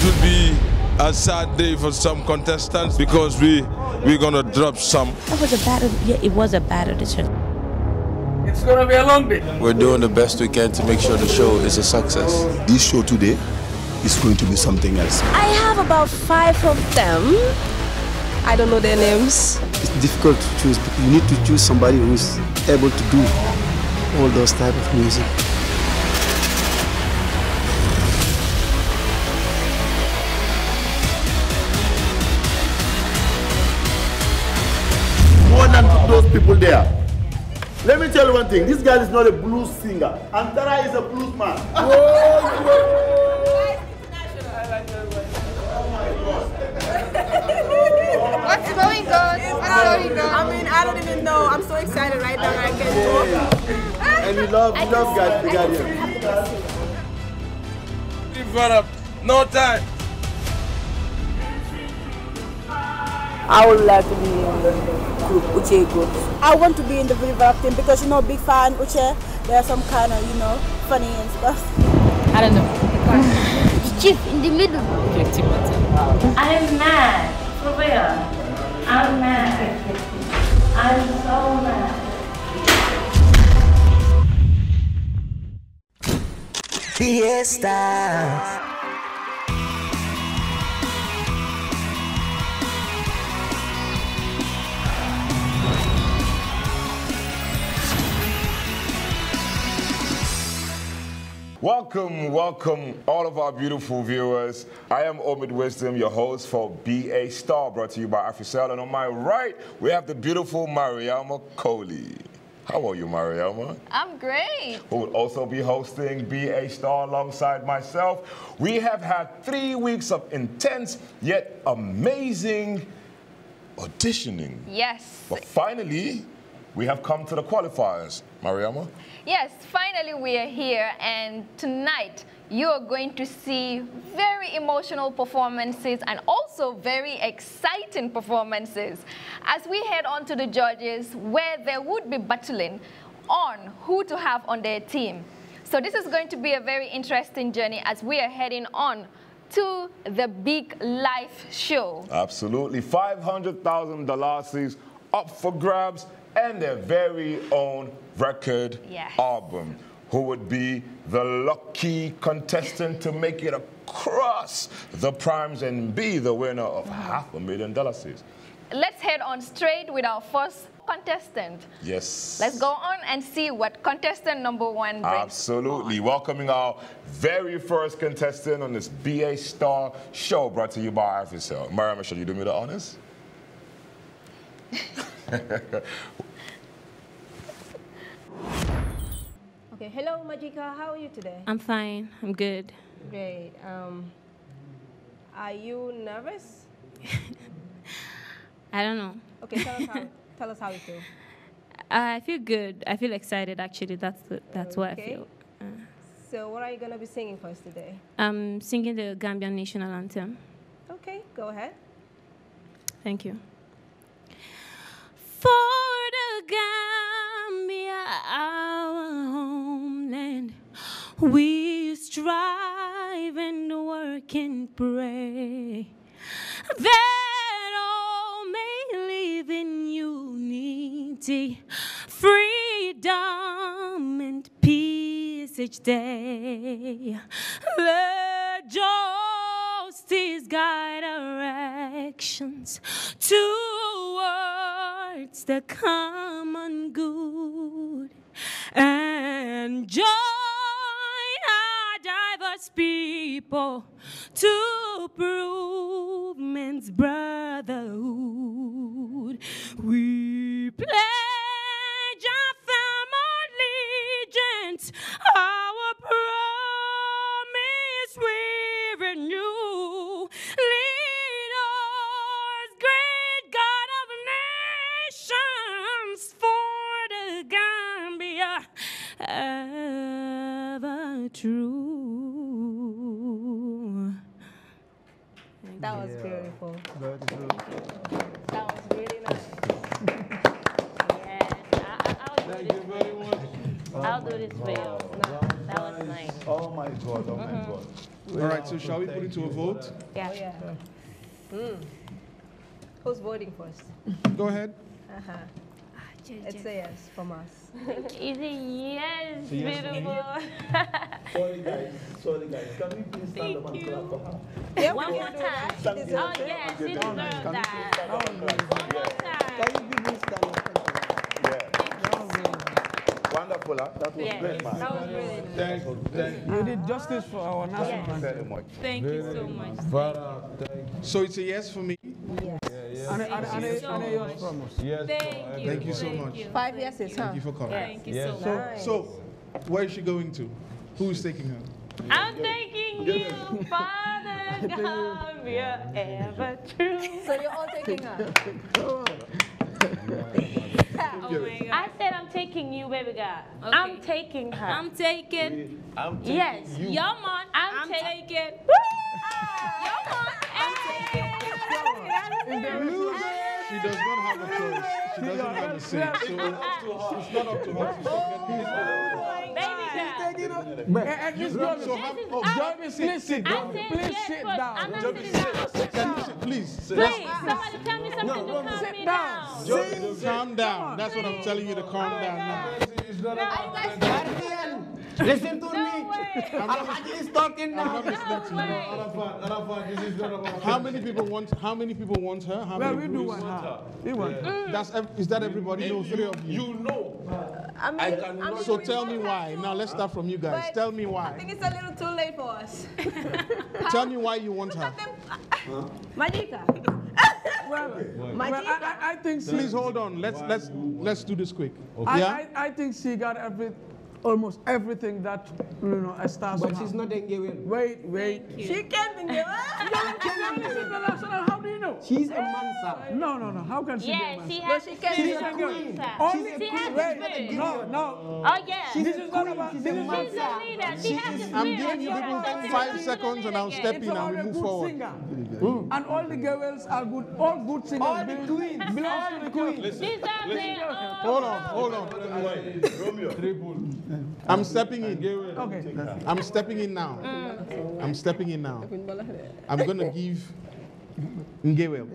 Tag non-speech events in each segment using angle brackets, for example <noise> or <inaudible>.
it will be a sad day for some contestants because we we're gonna drop some. It was a bad yeah, it was a bad audition. It's gonna be a long day. We're doing the best we can to make sure the show is a success. This show today is going to be something else. I have about five of them. I don't know their names. It's difficult to choose, you need to choose somebody who's able to do all those type of music. people there. Let me tell you one thing. This guy is not a blues singer. Antara is a blues man. <laughs> Whoa, whoa. What's going on? What's going on? I mean, I don't even know. I'm so excited right now. I can talk. And we love, we love We got you. Give it up. No time. I would like to be in the group, Uche group. I want to be in the River team because you know, big fan Uche, there are some kind of, you know, funny and stuff. I don't know. chief in the middle. I'm mad, for real. I'm mad. I'm so mad. Fiesta. Welcome, welcome, all of our beautiful viewers. I am Omid Wisdom, your host for BA Star, brought to you by Africell. And on my right, we have the beautiful Mariama Coley. How are you, Mariama? I'm great. Who will also be hosting BA Star alongside myself. We have had three weeks of intense yet amazing auditioning. Yes. But finally, we have come to the qualifiers. Mariama? Yes, finally we are here and tonight you are going to see very emotional performances and also very exciting performances as we head on to the judges where they would be battling on who to have on their team. So this is going to be a very interesting journey as we are heading on to the big life show. Absolutely. $500,000 up for grabs and their very own record album. Who would be the lucky contestant to make it across the primes and be the winner of mm. half a million dollars? Let's head on straight with our first contestant. Yes. Let's go on and see what contestant number one brings. Absolutely. On. Welcoming our very first contestant on this BA Star show brought to you by IFSL. Mariam, should you do me the honors? <laughs> Okay, hello Majika, how are you today? I'm fine, I'm good. Great. Um, are you nervous? <laughs> I don't know. Okay, tell us how, <laughs> tell us how you feel. I feel good. I feel excited actually. That's the, that's okay. what I feel. Uh, so, what are you going to be singing for us today? I'm singing the Gambian national anthem. Okay, go ahead. Thank you. For Gambia, our homeland, we strive and work and pray that all may live in unity, freedom, and peace each day. Let justice guide our actions to the common good and join our diverse people to prove men's brotherhood. We play. true. That was yeah. beautiful. That, was really nice. yeah. I, I'll do Thank this. you very much. I'll do this for you. Oh no, that was nice. Oh my God, oh my mm-hmm. God. All right, so shall we put it to a vote? Yeah. Oh, yeah. Mm. Who's voting first? Go ahead. Uh-huh. It's a yes from us. It's a yes, beautiful. Sorry guys, sorry guys. Can we please stand up and clap for her? Yeah, One more time. Oh yes, she deserves that. One more time. Can you give me stand up? Yeah. Wonderful, huh? That was yes. great, man. That was thank, you. You did justice for our national yes. Thank you so much. Thank you. So it's a yes for me? Yeah. Thank you. so much. Five yeses, huh? Thank you for coming. Thank you so much. So, where is she going to? Who is taking her? I'm taking you, Father God, <laughs> you're ever true. So you're all taking her. <laughs> oh my God. I said I'm taking you, baby God. Okay. I'm taking her. I'm taking. I'm taking yes. you. Yes, your mom. I'm, I'm taking. Woo! Your mom. I'm taking. She does not have a choice. She doesn't have understand. So it's not up to her to forget oh Baby girl. Man, and this girl, so have, oh, Jarvis, listen, please sit down. Jarvis, sit down. Please, sit down. Please, somebody tell me something no, to calm sit me down. down. Calm down. That's what I'm telling you to calm down now. Oh it's not up to Listen to no me. Arafat is talking now. No Arafat, Arafat, this How many people want? How many people want her? How well, many we do want her. We want. Yeah. Her. That's is that everybody? No, three of you. You know. I, mean, I cannot. I mean, so tell me why. Now let's start from you guys. But tell me why. I think it's a little too late for us. <laughs> tell me why you want her. Huh? Magica. <laughs> well, well I, I, think. Please hold on. Let's let's let's do this quick. Okay. I, I, I think she got everything almost everything that you know a star. But she's not Ngewen. Wait, wait. She can <laughs> not be Ngewen. How do you know? She's a Mansa. No, no, no. How can she yeah, be Mansa? She has no, she can she's be a queen. Mansa. Only she has wait, no, no. Oh yeah. She's this is not about. She's this is She's a leader. She has the I'm giving you people five seconds, and I'll step in and we move forward. Mm. And all the girls are good. All good singers. All the queens. All the queens. These are Hold on, hold on. Romeo. Triple. I'm stepping in. Okay. I'm stepping in now. Mm. I'm stepping in now. I'm going to give Ngewel.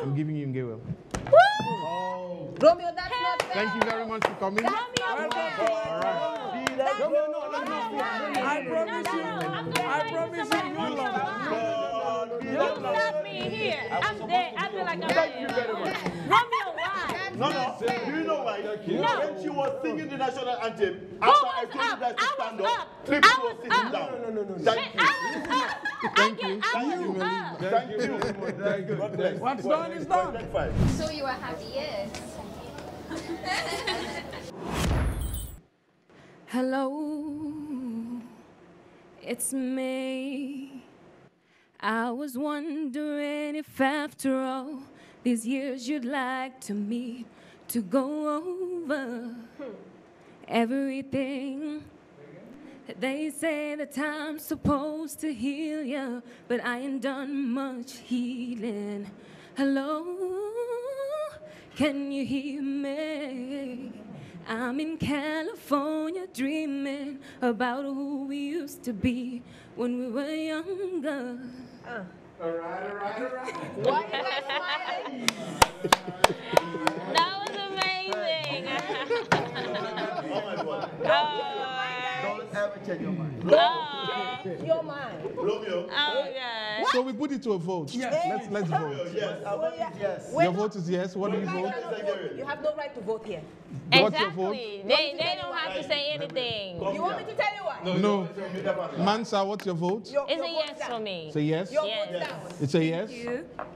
I'm giving you Ngewel. Oh. Romeo, that's hey. not fair. Thank you very much for coming. all right. I promise you. I promise you. You love me. You love me here. I'm there. I feel like I'm there. Thank you very much. Romeo. No, no. Do you know why? No. When she was singing the national anthem, after I told you guys to stand up, three people were sitting down. No, no, no, no. Thank you. Thank you. Thank you. Thank you. God bless. What's done is done. So you are happy, yes. Hello, it's me. I was wondering if after all these years you'd like to meet to go over everything. They say the time's supposed to heal you, but I ain't done much healing. Hello, can you hear me? I'm in California dreaming about who we used to be when we were younger. Uh. All right, all right, all right. Why am smiling? that was amazing. <laughs> oh, don't ever change your mind. Oh. Change your mind. Romeo. Oh, yes. So we put it to a vote. Yes. Let's, let's vote. Yes. Well, yeah. yes. Your vote is yes. What do you vote? You have no right to vote here. Exactly. They, they, they don't have to say anything. You want me to tell you what? No. no. Mansa, what's your vote? Your, it's your a yes down. for me. It's a yes? yes. yes. It's a yes?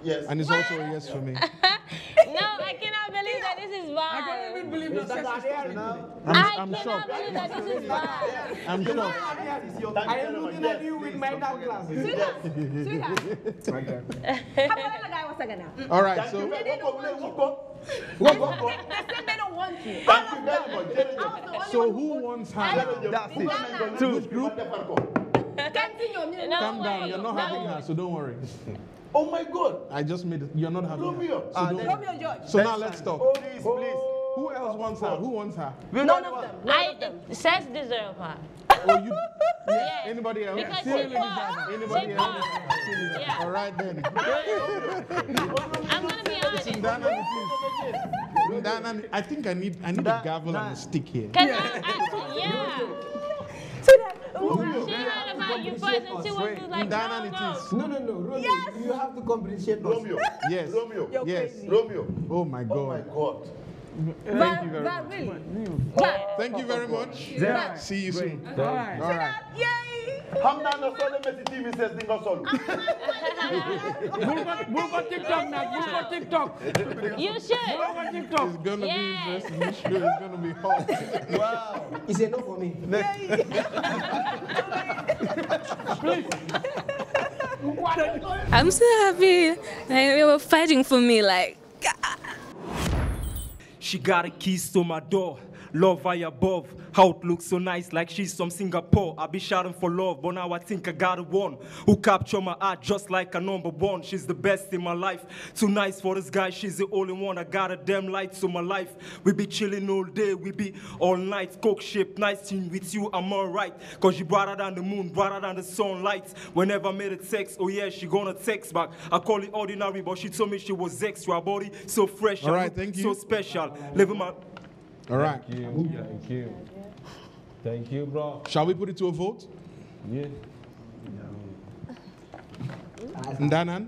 Yes. And it's well, also a yes for me. <laughs> no, I cannot believe that this is bad. I can't even believe that that's I'm, I'm, I'm shocked. believe that this is bad. <laughs> I'm sure. I am looking at you with my dark glasses. Sweetheart, sweetheart. <laughs> How about guy was now? All right, so. So who wants her? That's it. Two. group? Continue. No Calm down. You're not no having way. her, so don't worry. Oh my God! I just made it. You're not having Romeo. her. So ah, Romeo George. So now let's talk. Oh, please. Oh. Who else wants her? Who wants her? None of them. None I, of them. deserve her. Oh, you, <laughs> yeah. Anybody else? Because Silly. Anybody else? Yeah. All right then. I'm gonna be honest. Dana, Dana, I think I need I need a gavel and a stick here. Yeah. I, yeah. <laughs> So She heard about you first and she was like, Dana, no, No, no, no. Romeo, yes. you have to compensate us. Romeo. Yes. Romeo. Yes. Romeo. Oh my God. Oh my God. Thank you very much. Thank you very much. See you soon. All right. All right. Yay! Hamna no solo team TV says ningo solo. Move on TikTok now. Move on TikTok. You should. Move on TikTok. It's gonna yeah. be interesting. This gonna be hot. <laughs> Wow. Is it no for me? Please. I'm so happy. Like, they were fighting for me. Like. God. She got a keys to my door. Love I above, how it looks so nice, like she's from Singapore. I be shouting for love, but now I think I got one who capture my heart, just like a number one. She's the best in my life. Too nice for this guy, she's the only one. I got a damn light to my life. We be chilling all day, we be all night. Coke ship, nice team with you, I'm alright. Cause you brighter than the moon, brighter than the sunlight. Whenever I made a text, oh yeah, she gonna text back. I call it ordinary, but she told me she was extra body, so fresh. All right, thank you. So special. Living my all right. Thank you. Thank you. Thank you, bro. Shall we put it to a vote? Yeah. Ndanan?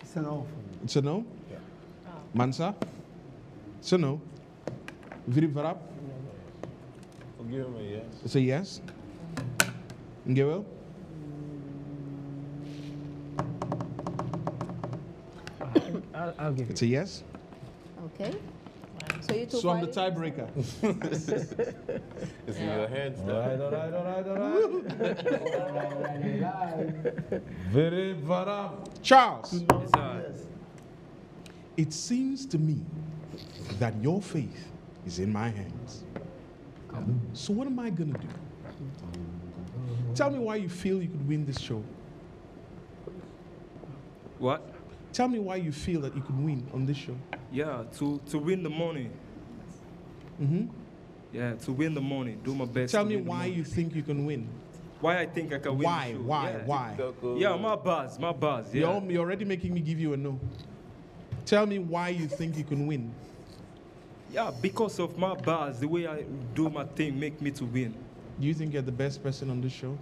It's a no. It's a no? Yeah. Mansa? It's a no. Virip Varap? Forgive me, yes. It's a yes. Ngewel? I'll, I'll give it. It's a yes? Okay. So you two. So I'm the tiebreaker. <laughs> it's in your hands. <laughs> Charles. It seems to me that your faith is in my hands. So what am I gonna do? Tell me why you feel you could win this show. What? Tell me why you feel that you could win on this show. Yeah, to, to win the money. Mm-hmm. Yeah, to win the money, do my best. Tell me why you think you can win. Why I think I can win. Why? Why? Yeah. Why? Yeah, my buzz, my buzz. Yeah. You're, you're already making me give you a no. Tell me why you think you can win. Yeah, because of my bars, the way I do my thing make me to win. Do you think you're the best person on this show?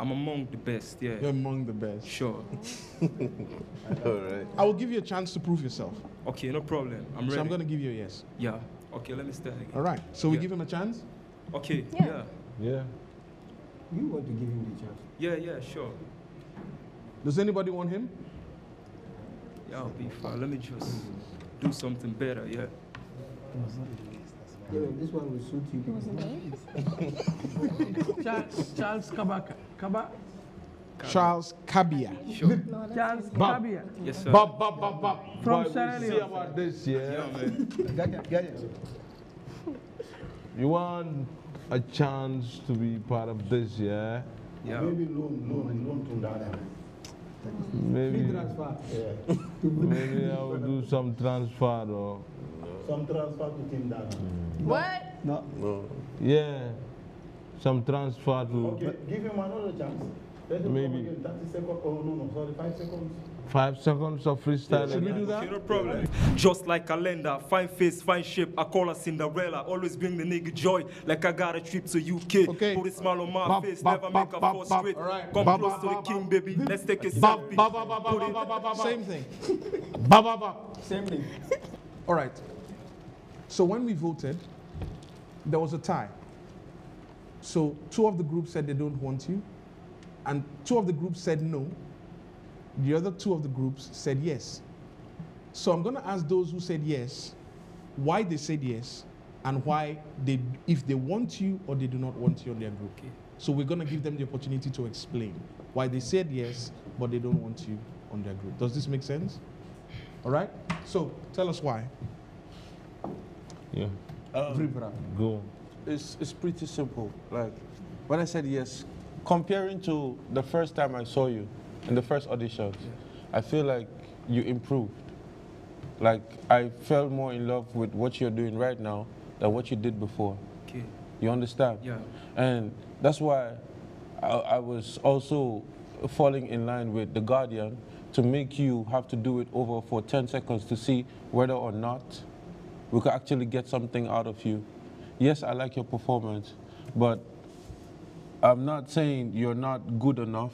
I'm among the best, yeah. You're among the best. Sure. <laughs> <laughs> All right. I will give you a chance to prove yourself. Okay, no problem. I'm ready. So I'm going to give you a yes. Yeah. Okay, let me start again. All right. So yeah. we give him a chance? Okay. Yeah. yeah. Yeah. You want to give him the chance? Yeah, yeah, sure. Does anybody want him? Yeah, I'll be fine. Let me just do something better, yeah. Yeah, this one will suit you. <laughs> Charles, Charles Kabaka. Kaba? Charles Kabia. Sure. No, Charles Bob. Kabia. Yes, sir. Bob, Bob, Bob, Bob. From Sierra Leone. see about this, yeah? yeah man. <laughs> you want a chance to be part of this, yeah? Yeah. Maybe loan, loan, loan to Dada. Maybe, <laughs> maybe I will do some transfer or some transfer to Team Ghana. Mm. What? No. no. Yeah. Some transfer to. Okay, give him another chance. Let him Maybe. Come again. 30 seconds. Oh, no, no, sorry, 5 seconds. Five seconds of freestyle. Yeah, should we do that? No problem. Just like a lender, fine face, fine shape. I call her Cinderella. Always bring the nigga joy. Like I got a trip to UK. Okay. Put a smile on my bop, face. Bop, Never bop, make a false straight. Right. Come close to the king, baby. Let's take a selfie. Same thing. Same thing. All right. So when we voted, there was a tie. So two of the groups said they don't want you, and two of the groups said no. The other two of the groups said yes. So I'm going to ask those who said yes why they said yes and why they, if they want you or they do not want you on their group. Okay. So we're going to give them the opportunity to explain why they said yes, but they don't want you on their group. Does this make sense? All right? So tell us why. Yeah. Um, Vibra. Go. It's, it's pretty simple. Like, when I said yes, comparing to the first time I saw you in the first audition, yeah. I feel like you improved. Like, I fell more in love with what you're doing right now than what you did before. Okay. You understand? Yeah. And that's why I, I was also falling in line with The Guardian to make you have to do it over for 10 seconds to see whether or not we could actually get something out of you. Yes, I like your performance, but I'm not saying you're not good enough,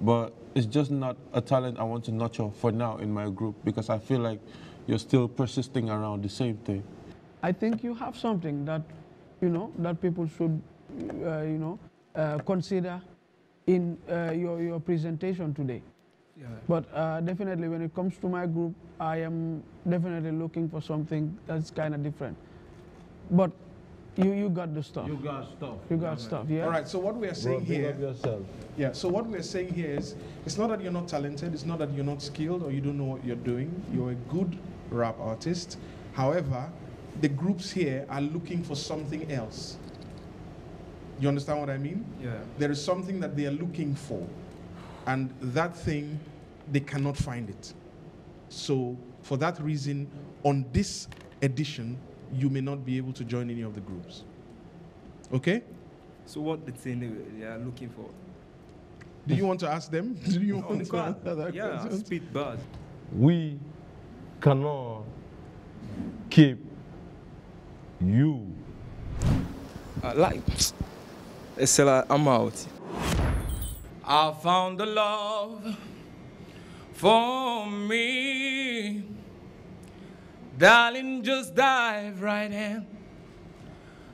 but it's just not a talent I want to nurture for now in my group because I feel like you're still persisting around the same thing. I think you have something that, you know, that people should, uh, you know, uh, consider in uh, your, your presentation today. Yeah. But uh, definitely, when it comes to my group, I am definitely looking for something that's kind of different. But you you got the stuff. You got stuff. You got yeah, stuff. Yeah. All right. So what we are saying here. Yeah. So what we are saying here is, it's not that you're not talented. It's not that you're not skilled or you don't know what you're doing. You're a good rap artist. However, the groups here are looking for something else. You understand what I mean? Yeah. There is something that they are looking for. And that thing, they cannot find it. So, for that reason, on this edition, you may not be able to join any of the groups. Okay? So, what the thing they are looking for? Do you want to ask them? <laughs> Do you want to answer that yeah, question? speed bad. We cannot keep you. Uh, like, it's like I'm out. I found the love for me. Darling, just dive right in.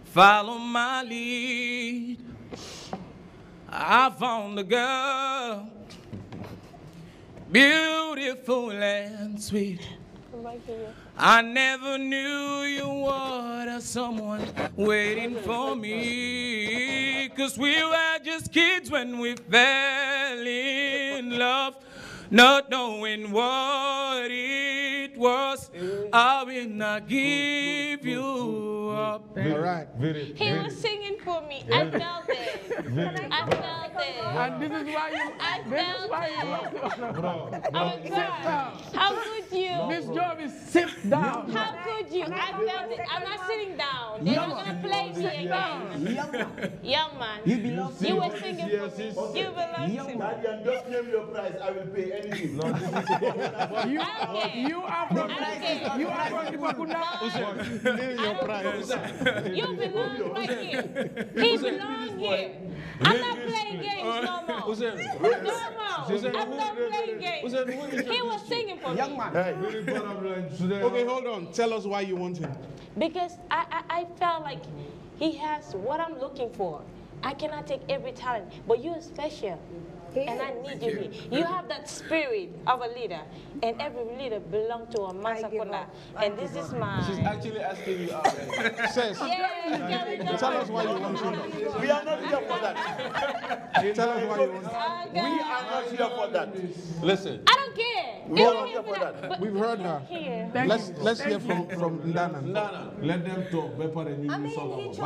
Follow my lead. I found a girl, beautiful and sweet. I never knew you were someone waiting for me. Cause we were just kids when we fell in love not knowing what it was, I will not give you up. All right. He was singing for me. I felt it. I felt it. And this is why you. I this felt you bro, bro. How could you? This job is sit down. How could you? I felt it. I'm not sitting down. They're not gonna play me again. Young man. You belong. You were singing for me. You belong to me. Daddy, and just name your price. I will pay you, you are from okay. you are from Dipakunda. your prize. You belong back here. He belong here. I'm not playing games no more. No more. I'm not playing games. He was singing for Young me. Man. Okay, hold on. Tell us why you want him. Because I, I, I felt like he has what I'm looking for. I cannot take every talent, but you are special. And I need you here. You have that spirit of a leader, and every leader belongs to a masakona. And this is mine. She's actually asking you out. Says. <laughs> Yes, <laughs> tell us why you want to. We are not here for that. tell us why you want to. We are not here for that. Listen. I don't care. We are not here for that. We've heard her. Let's let's hear from from Nana. Nana, Let them talk. I mean, he chose,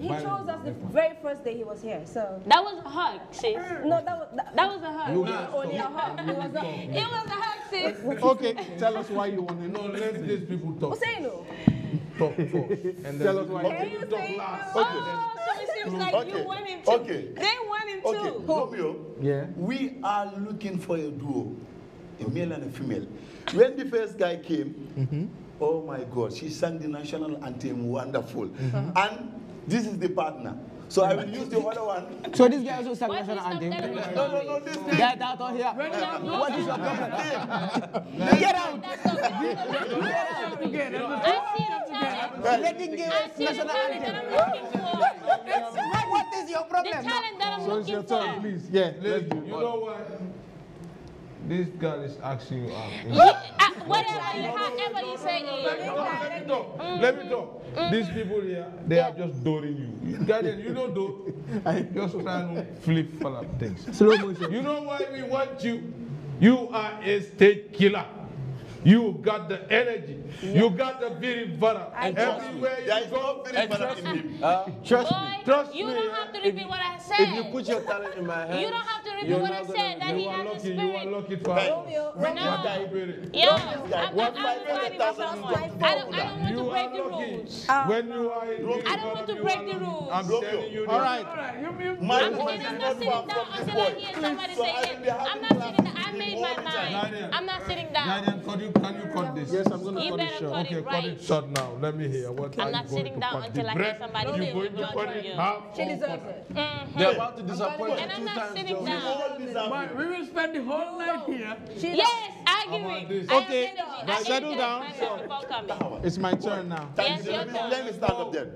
he chose us the very first day he was here. So that was a hug. Mm. No, that was that wasn't her. No, no, only a hug. It was a, it was a hug, sis. Okay, tell us why you want to know. Let these people talk. Say no. Talk first. And then tell us why. Can you talk last. Okay. Oh, so it seems like okay. you want him too. Okay. They want him okay. too. Romeo, yeah. we are looking for a duo, a male and a female. When the first guy came, mm -hmm. oh my God, she sang the national anthem wonderful. Mm -hmm. And this is the partner. So I will use the other one. So this guy also sang national anthem. No, no, no, this thing. Get out of here. What is your problem? Get out. Get out. Get out. Letting give national anthem. What is your problem? The talent that I'm looking for. So it's your turn, please. Yeah, let's do it. You know what? this girl is asking you out. Uh, whatever you, however you say it. Let me talk. Let me talk. Mm. Let me talk. Mm. These people here, they yeah. are just doing you. Guardian, you don't do. <laughs> I just trying to flip flop things. Slow motion. You know why we want you? You are a state killer. You got the energy. Yeah. You got the virivara. Everywhere you there go. No trust me. trust me. Trust you don't have to repeat what I said. If you put your talent in my hand, you don't have to repeat what I said. That he has the spirit. You are lucky to have. Romeo, Romeo. Yeah, I'm, I'm, I'm, I'm I don't, I am i i do not i want to break the rules. when you are in I don't want to break the rules. I'm telling All right. All right. I'm, I'm not sitting down until I hear somebody say it. I'm not sitting down. I made my mind. I'm not sitting down can you cut this? Yes, I'm going to cut it short. okay, right. cut it short now. Let me hear. What I'm not sitting down until I get somebody to You're going to it half. She deserves it. Mm-hmm. They're about to disappoint you. And I'm not sitting down. We will spend the whole night here. Yes, arguing. Okay, settle down. It's my turn now. Yes, your turn. Let me stand up then.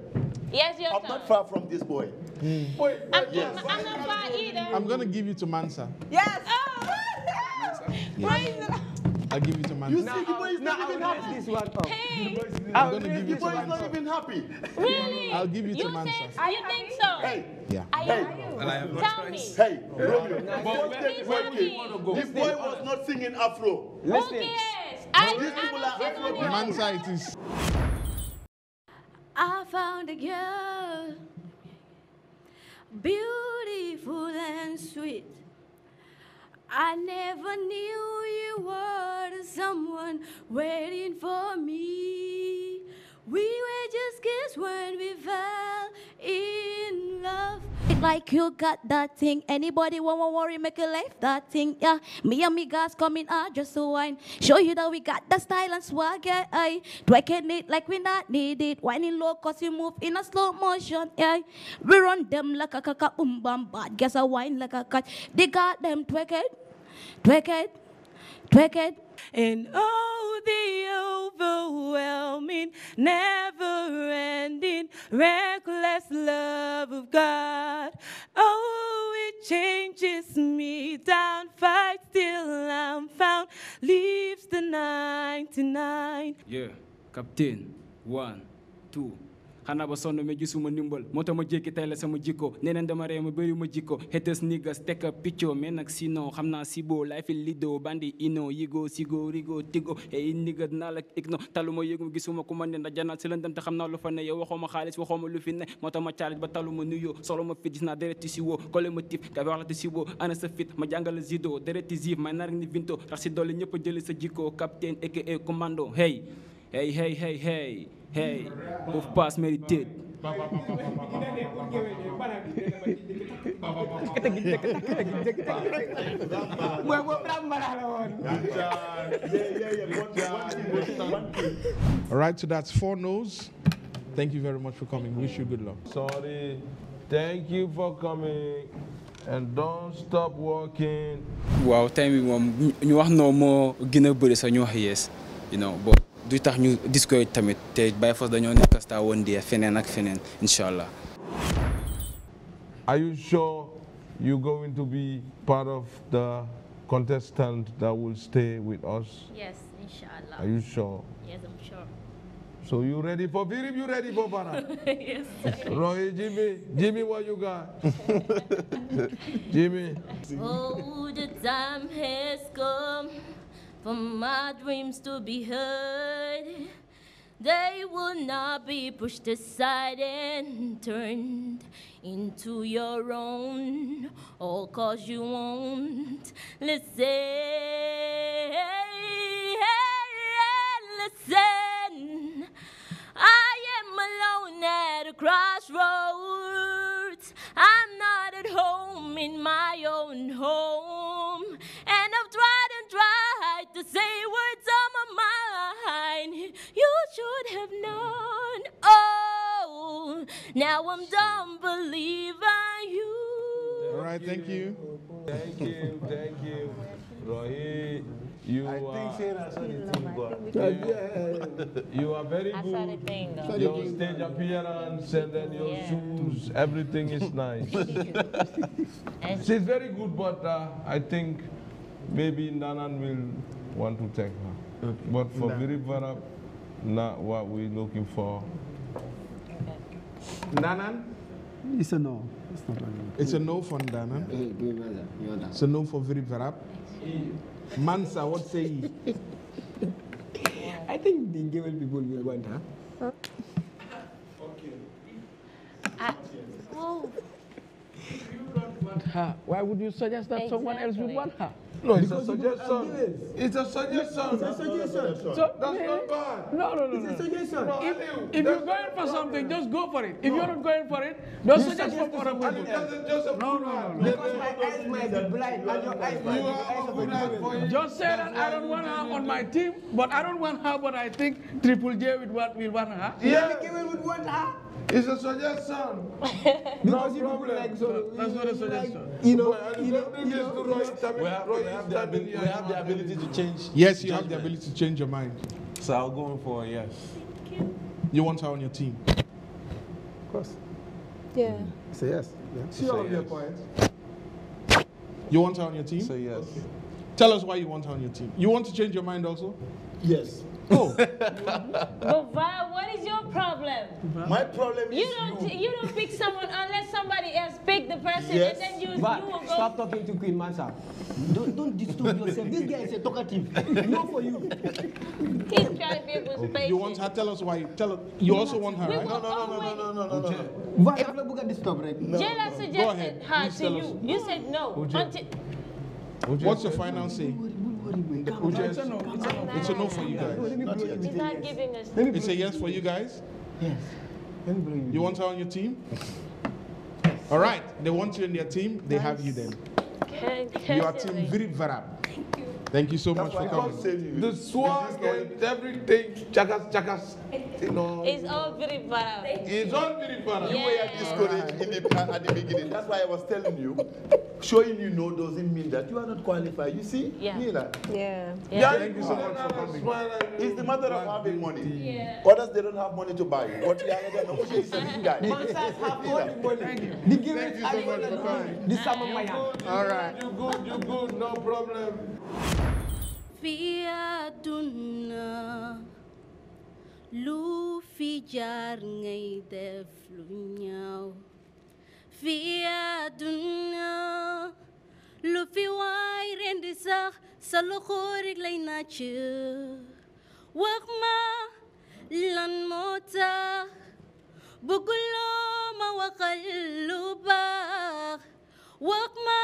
Yes, your I'm turn. not far from this boy. Mm. Wait, I'm, yes. not, I'm not far either. I'm going to give you to Mansa. Yes. Oh. Mansa. yes. I'll give you to money. You see, the boy is not even happy. This one Hey. I'm gonna give you to money. The boy is not even happy. Really? I'll give you, some to man. Think, you think so? Hey. Yeah. Hey. Well, I have Tell me. Hey, Romeo. No, but wait, The boy was not singing Afro. Listen. Okay. I, These people are Afro Mansa it is. I found a girl, beautiful and sweet. I never knew you were someone waiting for me. We were just kids when we fell in love. like you got that thing. Anybody want to worry, make a life that thing. Yeah, me and me guys coming out just to wine. Show you that we got the style and swagger. I Dwecking it like we not need it. Whining low cause we move in a slow motion. Yeah, we run them like a caca um bam bad. Guess I wine like a cat. They got them twicked, twicked, twicked. And oh, the overwhelming, never ending, reckless love of God. Oh, it changes me down, fight, till I'm found, leaves the 99. Yeah, Captain, one, two. xanaa ba sonn mais gisuma ndimbal moo tax ma jékki tey la sama jikko neneen dama ree ma bëri ma jikko haters niggas tekka picco mais nag sinon xam naa sibo laay fi lido bandi ino yigo sigo rigo tigo e niggas naa la igno taluma yëgu gisuma xam naa lu fa ne yow xaalis waxoo lu fi ne moo tax ma caalit ba taluma nuyoo solo ma fit gis naa dereti si kole ma tif ka wax la te si woo ana sa fit ma jàngala zido dereti ziif may narak ni vinto rax si dolli a jëli sa jikko capitaine Hey, move pass, meditate. All right, so that's four no's. Thank you very much for coming. Wish you good luck. Sorry. Thank you for coming. and don't stop working. Well, tell me, You ñu no more guinea gën a bëri sax yes you know but du tax ñu discourage tamit te Fos ak Are you sure you're going to be part of the contestant that will stay with us? Yes, inshallah. Are you sure? Yes, I'm sure. So you ready for Virib? You ready for Bara? <laughs> yes. Sir. Roy, Jimmy, Jimmy, what you got? <laughs> Jimmy. Oh, the time has come for my dreams to be heard. They will not be pushed aside and turned into your own, all cause you won't listen. Listen. I am alone at a crossroads. I'm not at home in my own home. And I've tried and tried to say words on my mind. You should have known. Oh, now I'm done believing you. All right, thank you. Thank you, thank you. Rohit. You I are, think saw the Yeah. you are very I saw the good. thing, though. Your stage appearance and then your Yeah. shoes, everything is nice. <laughs> <laughs> She's very good, but uh, I think maybe Nanan will want to take her. But for Nah. Virivarap, not what we're looking for. Nanan? It's a no. It's not a no. It's a no for Nanan. It's a no for Virivarap. Mansa, what say you? I think the Ngevel people will want her. Huh? Okay. If you don't want her, why would you suggest that exactly. someone else would want her? No, it's because a suggestion. It's a suggestion. It's a suggestion. So, That's not bad. Eh, no, no, no. It's a suggestion. No, if, if you're going for something, just go for it. If no. you're not going for it, don't you suggest for other people. No, no, no, no. Because my eyes might be blind and your eyes might be eyes blind. Just say that I don't want her on my team, but I don't want her, but I think Triple J would want, will want her. Yeah. Kevin would want her. It's a suggestion. <laughs> no problem. Like, so, That's not a suggestion. Like, you know, you know, you know we, have, we, have the ability, we have the ability to change. Yes, you judgment. have the ability to change your mind. So I'll go in for a yes. Thank you. You want her on your team? Of course. Yeah. Say yes. Yeah. She Say your points. You want her on your team? Say yes. Okay. Tell us why you want her on your team. You want to change your mind also? Yes. Oh. <laughs> but Bob, what is your problem? My problem you is don't, you. You don't pick someone unless somebody else pick the person yes. and then you, you will go. stop talking to Queen Mansa. Don't, don't disturb yourself. This guy is a talkative. Not for you. He's trying to be a okay. You want her? Tell us why. Tell her. You also want her, right? No, no, no, no, no, no, no, no, no. But if look at this topic. No. Jela suggested her to you. You said no. What's your final say? It's a no. It's a no, for you guys. not It's a yes for you guys? Yes. You want her on your team? All right. They want you in their team. They have you then. You are team very Varab. Thank you so That's much for coming. The swag and everything, chakas, chakas. It's all very bad. It's all very bad. You were at this college in the, at the beginning. That's why I was telling you, showing you no doesn't mean that you are not qualified. You see? Yeah. Nila. Yeah. yeah. Thank you so much for coming. It's the matter of having money. Yeah. Others, they don't have money to buy. But we are not going to a guy. Mansas have <laughs> money. Thank you. Thank you so much for coming. This summer, All right. You good, you good, no problem. fi àdduna lu fi jaar ngay def lu ñaaw fi àdduna lu fi waay rendi sax sa loxo rek lay nàcc wax ma lan moo tax bëgguloo ma waxal lu baax wax ma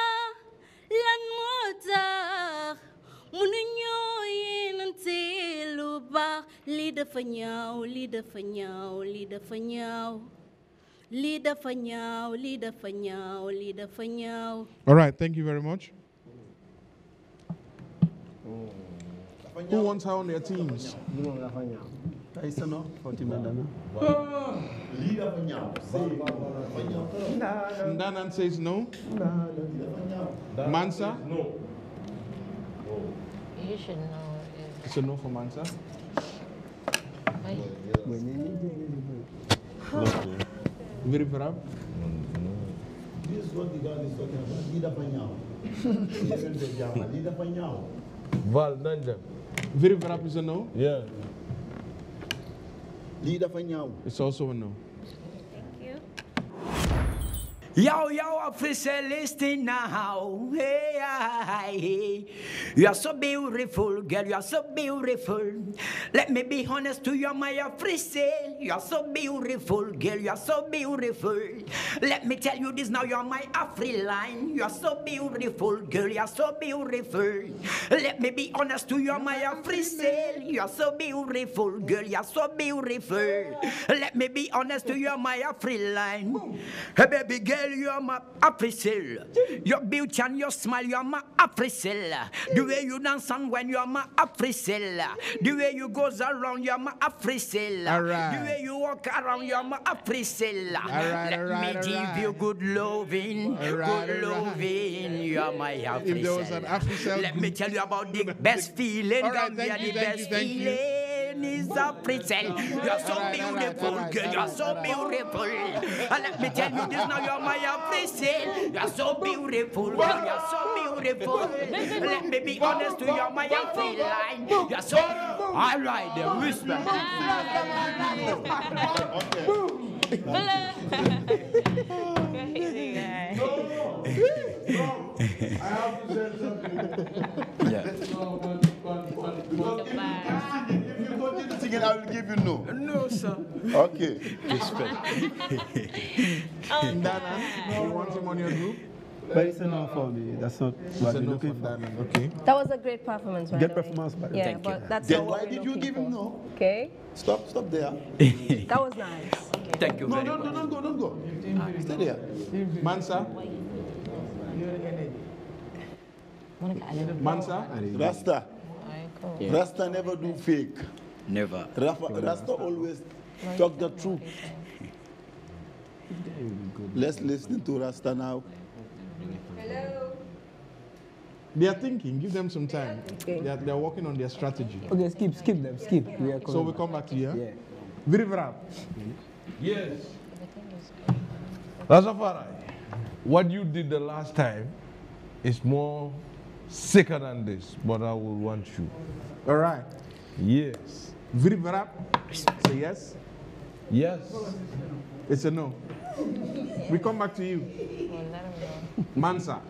all right thank you very much Who wants her on their teams? tey sono foti mandana. lii dafa ñaaw. dafa says no. Mansa. no. you should know. it's a no for Mansa. Very proud. This is what the guy is talking about. Lii dafa ñaaw. lii dafa ñaaw. Val, Nanja. Very proud is a no. Yeah. It's also a no. Yo, yo, officer, listen now. Hey, hey, hey, You are so beautiful, girl, you are so beautiful. Let me be honest to you, my officer. You are so beautiful, girl, you are so beautiful. Let me tell you this now, you are my Afri line. You are so beautiful, girl, you are so beautiful. Let me be honest to you, my officer. You are so beautiful, girl, you are so beautiful. Let me be honest to you, my Afri line. Hey, baby girl girl, you're my appraisal. Your beauty and your smile, you're my appraisal. The way you dance and when you're my appraisal. The way you goes around, you're my appraisal. Right. The way you walk around, you're my appraisal. Right, Let right, me give you good loving, good loving. You're my appraisal. Let me tell you about the <laughs> best feeling. All right, Gambia, the best feeling. Ellen is a pretzel. You're so beautiful, girl. You're so beautiful. And let me tell you this now, you're my pretzel. You're so beautiful, girl. You're so beautiful. Let me be honest to you, you're my feline. You're so. All right, then, whisper. Crazy guy. I have to say something. Yeah again, I will give you no. No, sir. Okay. Respect. <laughs> oh, um, Dana, you want him on your group? But it's enough for me. That's not what we're looking for. That, okay. That was a great performance, by Good performance, by yeah, but That's then why did you give him no? Okay. Stop, stop there. <laughs> that was nice. Okay. Thank you no, very no, much. No, no, don't go, don't go. Stay there. Mansa. Mansa. Rasta. Rasta never do fake. Never. Rafa, Rasta always talk the truth. Let's listen to Rasta now. Hello. They are thinking. Give them some time. Okay. They, are, they are working on their strategy. Okay, skip, skip them, skip. We are so we come back to you. Yeah. Virivrap. Yes. Rastafari, what you did the last time is more sicker than this, but I will want you. All right. Yes. Vribarap? Say yes. Yes. It's a no. We come back to you. Mansa.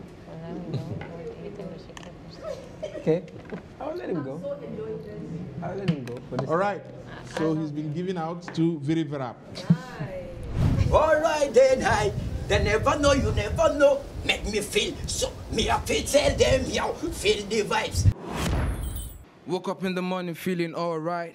Okay. I'll let him go. I'll let him go for this. All right. So he's been giving out to very verap. All right, then I. They never know, you never know. Make me feel so. Me, I feel tell them, you feel the vibes. Woke up in the morning feeling alright.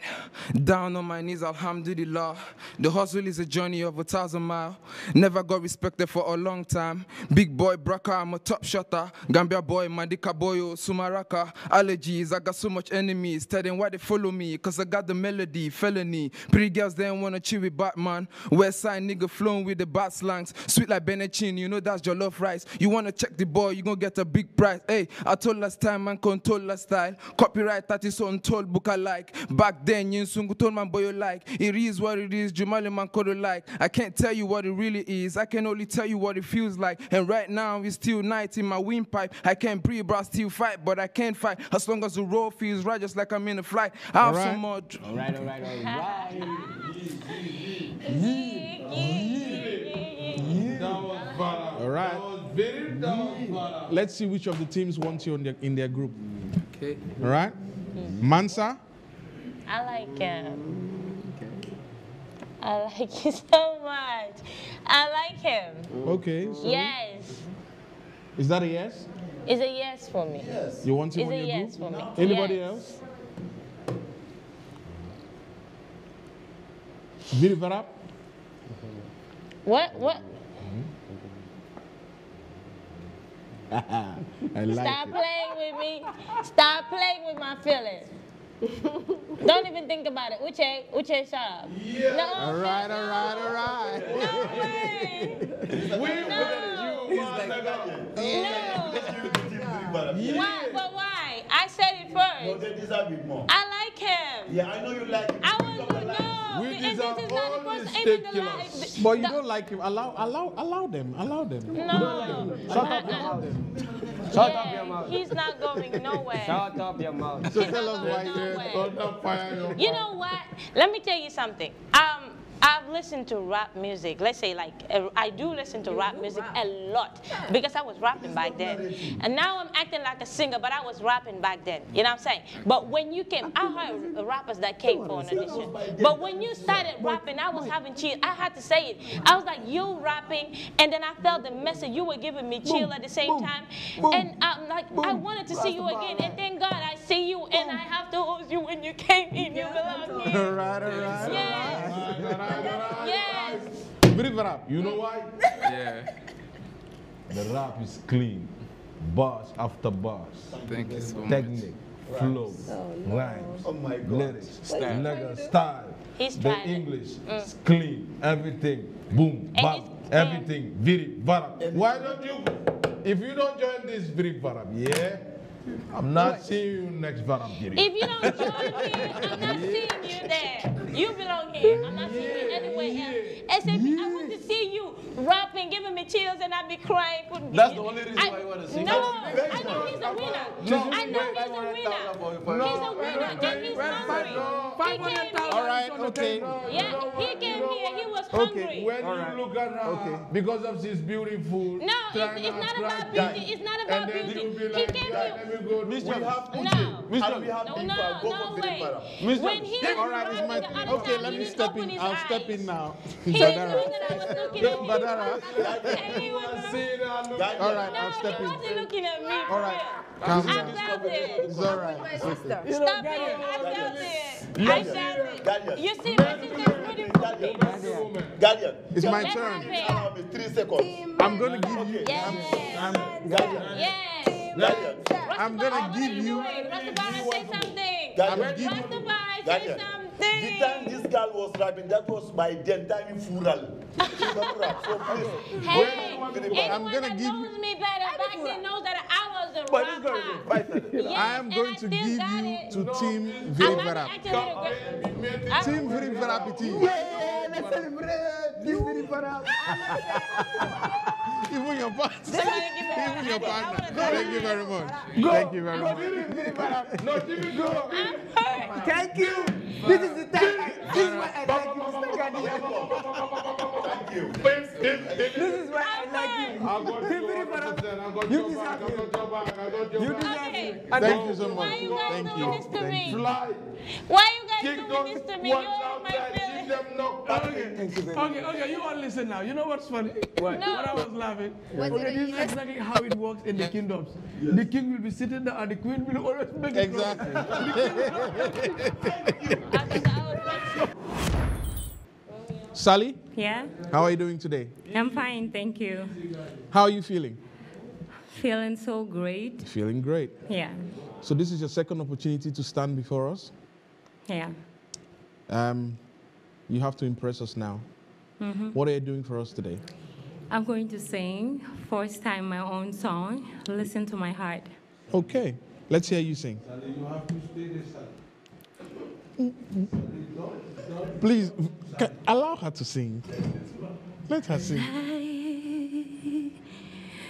Down on my knees, alhamdulillah. The hustle is a journey of a thousand miles. Never got respected for a long time. Big boy Braka, I'm a top shotter. Gambia boy, Madika boyo, oh, Sumaraka. Allergies, I got so much enemies. Tell them why they follow me, cause I got the melody, felony. Pretty girls, they don't wanna chill with Batman. West side nigga flowing with the bat slangs. Sweet like Benetchin, you know that's your love rice. You wanna check the boy, you gonna get a big price. Hey, I told last time, man, control last style. Copyright, that is untold book I like. Back then, you Sungu told man boy you like. It is what it is, Jumali man called like. I can't tell you what it really is. I can only tell you what it feels like. And right now it's still night in my windpipe. I can't breathe, but I still fight, but I can't fight. As long as the road feels right, just like I'm in a flight. I have right. some more. All right, all right, all right. All right. Let's see which of the teams wants you in their, in their group. Okay. All right? Mm. Mansa? I like him. Okay. I like <laughs> him so much. I like him. Okay. So yes. Is that a yes? It's a yes for me. Yes. You want him it's on your yes group? For me. Anybody yes. else? Virivarap? What? What? Stop it. playing with me. Stop playing with my feelings. Don't even think about it. Uche, Uche, shut up. Yeah. No, all right, all right, all right. No way. we no. like, no. Yeah. No. Why? But why? I said it first. No, they deserve it more. I like him. Yeah, I know you like him. I want to know. We deserve all ridiculous. But you the, don't like him. Allow, allow, allow them. Allow them. No. Like uh-uh. Shut up. Allow them. Shut yeah, up your mouth. He's not going nowhere. Shut up your mouth. So tell us why you're on fire. You know what? Let me tell you something. Um, I've listened to rap music. Let's say like uh, I do listen to you rap music rap. a lot yeah. because I was rapping back then, and now I'm acting like a singer, but I was rapping back then. You know what I'm saying? But when you came, I heard rappers that came for an audition. But when you started rapping, I was having chill. I had to say it. I was like, you rapping, and then I felt the message you were giving me chill at the same time, and I'm like, I wanted to see you again, and thank God I see you, and I have to hold you when you came in. You belong here. Right, right, yeah. Right, yes. rap. You know why? <laughs> yeah. The rap is clean. Bars after bars. Thank you so much. Technique, much. flow, lines, rhymes, oh my God. lyrics, style. style. He's the trying. English mm. is clean. Everything. Boom, bam. Everything. very varap. Why don't you? If you don't join this, very varap. Yeah. I'm not seeing you next Valentine's. If you don't join me, I'm not seeing you there. You belong here. I'm not seeing you anywhere else. Except I want to see you rapping, giving me chills, and I be crying. That's the only reason I, why you want to see. me. No, I know he's a winner. No, I know he's a winner. No, He's a winner, and he's hungry. He came here. All right, okay. Yeah, he came here. He was hungry. Okay. When All right. you look at her, okay. because of his beautiful. No, it's, it's not about beauty. It's not about beauty. He came here very good. Miss we have Uche. No. Miss and we have no, Ifa. No, Go no for way. Miss when he was All right, it's my time, Okay, let me step in. I'll eyes. step in now. He Badara. Badara. All right, I'll step in. He wasn't looking at me. <laughs> All right. Calm down. I felt it. It's all right. Stop it. I felt it. I felt it. You see, my sister's beautiful. Guardian. It's my turn. Three seconds. I'm going to give you. Yes. Yes. I'm gonna give you. Rastafari, say something. gonna say something. The time this girl was driving, that was my dentine fural. so please. Hey, I'm gonna give knows you. me better back then knows that I was the rapper. Yes, I am going to give you to no, Team Virivarap. Team Virivarap it is. Yeah, let's celebrate Team <laughs> Even your partner. Even your partner. Thank you very much. Go. Thank you very much. No, give me go. Thank you. This is the time. This is why I like you, Mr. Gandhi. Thank you. This is why I like you. You deserve it. You deserve it. Thank you so much. Thank you. Thank you. Why you guys doing this to me? You're my feelings. Thank Okay, okay, you all listen now. You know what's funny? What? No. What I was laughing Arabic. Yeah. Okay, this is exactly how it works in the kingdoms. Yes. The king will be sitting there and the queen will always make Exactly. <laughs> Sally? Yeah? How are you doing today? I'm fine, thank you. How are you feeling? Feeling so great. Feeling great. Yeah. So this is your second opportunity to stand before us? Yeah. Um, you have to impress us now. Mm -hmm. What are you doing for us today? I'm going to sing first time my own song, Listen to My Heart. Okay, let's hear you sing. Please can, allow her to sing. Let her sing.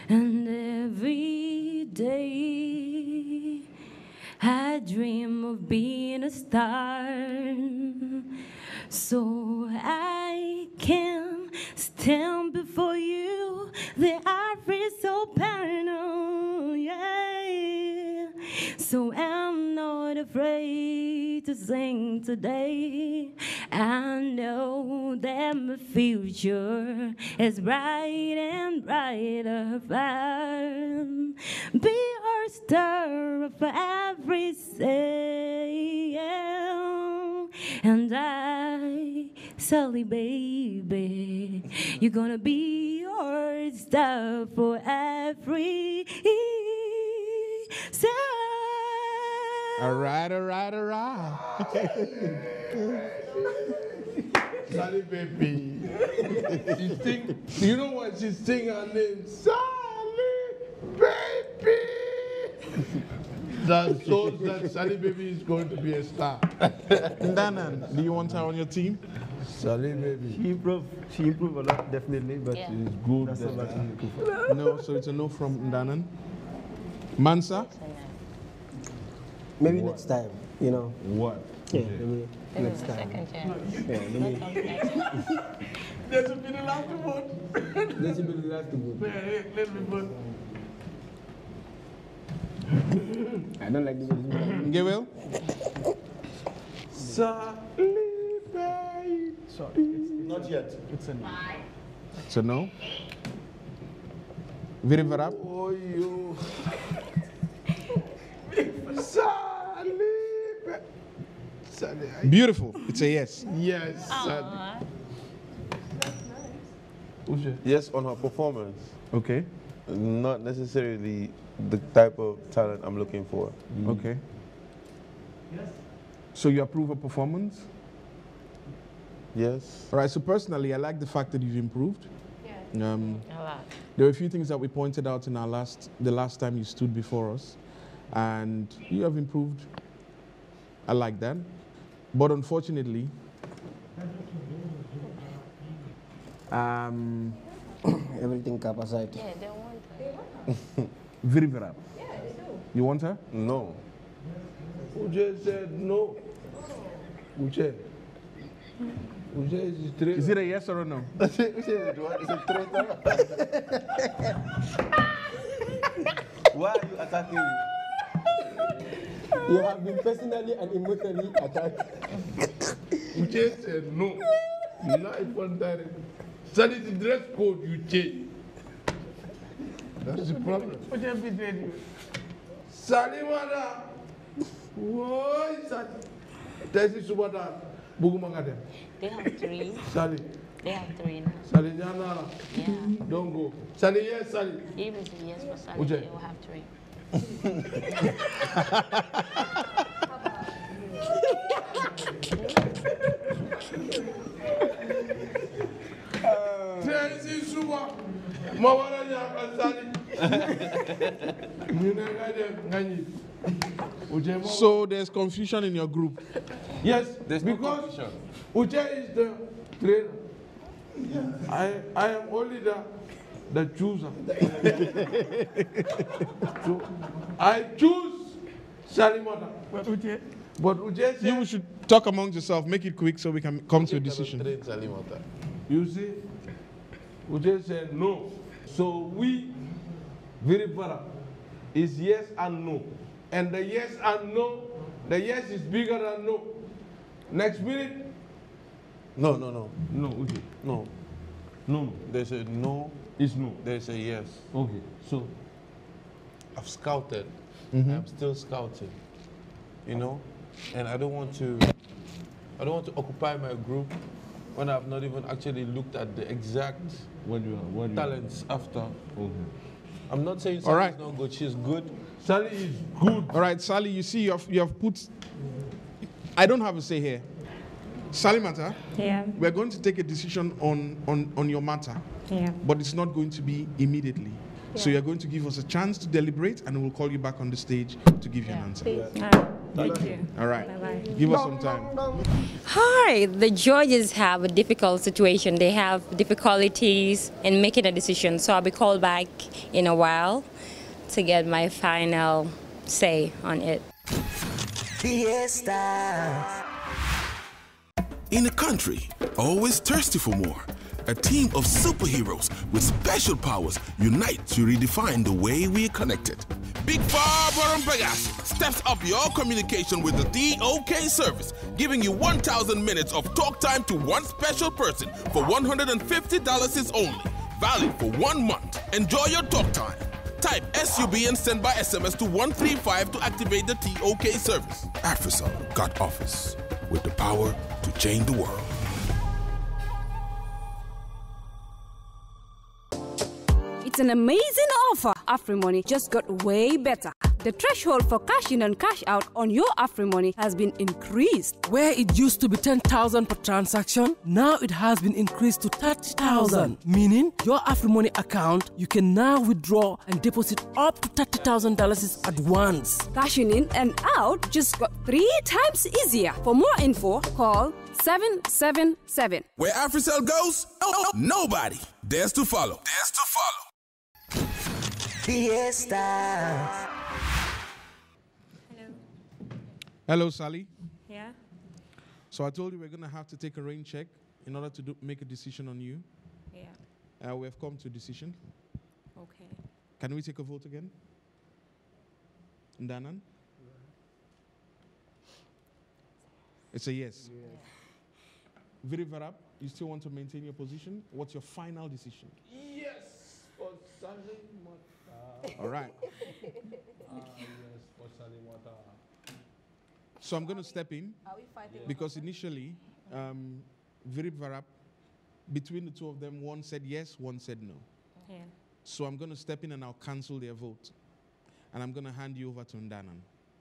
and every day I dream of being a star so I can stand before you. The iris open, oh, yeah. So I'm not afraid to sing today. I know that my future is bright and brighter. Fun. Be our star for every say. Yeah. And I, Sally, baby, you're gonna be your star for every star. All right, all right, all right. <laughs> Sally, baby. she sing, you know what? She sing her name, Sally, baby. <laughs> that shows that Sally Baby is going to be a star. Danan, <laughs> do you want her on your team? Sally Baby. She improved. She improved a lot, definitely. But yeah. good. That's that <laughs> for. No, so it's a no from Danan. Mansa. Maybe what? next time. You know. What? Yeah. Maybe next time. Second, yeah. yeah maybe. That should be the last vote. There should be the last vote. Yeah, let me vote. I don't like this Get well. Sorry, not yet. It's a no. So no? Virivarap? Oh, you. Beautiful. It's a yes. Yes. Aww. Yes, on her performance. Okay not necessarily the type of talent I'm looking for. Mm. Okay. Yes. So you approve of performance? Yes. All right. So personally, I like the fact that you've improved. Yes. Um, a lot. There were a few things that we pointed out in our last, the last time you stood before us, and you have improved. I like that, but unfortunately, um, <coughs> everything cap aside. Yeah, they want Very Vera. <laughs> Yeah, they do. You want her? No. Uche said no. Uche. Uche is a Is it a yes or a no? <laughs> Uche is what? Is a traitor. <laughs> Why are you attacking me? you have been personally and emotionally attacked. Uche said no. Not in one So it's the dress code you change. That's the problem. Put your feet ready. Salimada. Why Sali? Tesi Subada. Bugumanga them. They have three. Sali. They have three now. Sali Jana. Yeah. Don't go. Sali yes, Sali. Even if yes for Sali, they will have three. Tesi Suba. Mawara Yaka so there's confusion in your group. Yes, there's because no Uche is the trainer. I, I am only the, the chooser. <laughs> so I choose Salimota. But Uche, but Uche said, you should talk amongst yourself. Make it quick so we can come Uche to a decision. You see, Uche said no. So we very far. is yes and no. And the yes and no, the yes is bigger than no. Next minute? No, no, no. No, okay. No. No. There's a no. It's no. There's a yes. Okay. So I've scouted. Mm -hmm. I'm still scouting. You know? And I don't want to I don't want to occupy my group when I've not even actually looked at the exact what you, what talents you? after. Okay. I'm not saying Sally All right. is not good. She's good. Sally is good. All right, Sally, you see, you have, you have put. I don't have a say here. Sally matter. Yeah. We're going to take a decision on, on, on your matter. Yeah. But it's not going to be immediately. Yeah. So you're going to give us a chance to deliberate, and we'll call you back on the stage to give you an answer. Thank, you. you. All right. Bye bye. Give us some time. Hi. The judges have a difficult situation. They have difficulties in making a decision. So I'll be called back in a while to get my final say on it. Fiesta. In a country always thirsty for more, a team of superheroes with special powers unite to redefine the way we're connected. Big Far Baron steps up your communication with the DOK service, giving you 1,000 minutes of talk time to one special person for $150 only, valid for one month. Enjoy your talk time. Type SUB and send by SMS to 135 to activate the TOK service. AfriCell got office with the power to change the world. It's an amazing offer. AfriMoney just got way better. The threshold for cash in and cash out on your AfriMoney has been increased. Where it used to be 10,000 per transaction, now it has been increased to 30,000. Meaning, your AfriMoney account, you can now withdraw and deposit up to $30,000 at once. Cashing in and out just got three times easier. For more info, call 777. Where AfriCell goes, oh, nobody dares to follow. Dares to follow. Fiesta. Hello. Hello, Sally. Yeah. So I told you we're going to have to take a rain check in order to do, make a decision on you. Yeah. Uh, we have come to a decision. Okay. Can we take a vote again? Danan? It's a yes. Yeah. Viri Varap, you still want to maintain your position? What's your final decision? Yes. All right. So I'm going to step in. Are we fighting? Because initially, um, Virip Varap, between the two of them, one said yes, one said no. Yeah. So I'm going to step in and I'll cancel their vote. And I'm going to hand you over to Ndanan.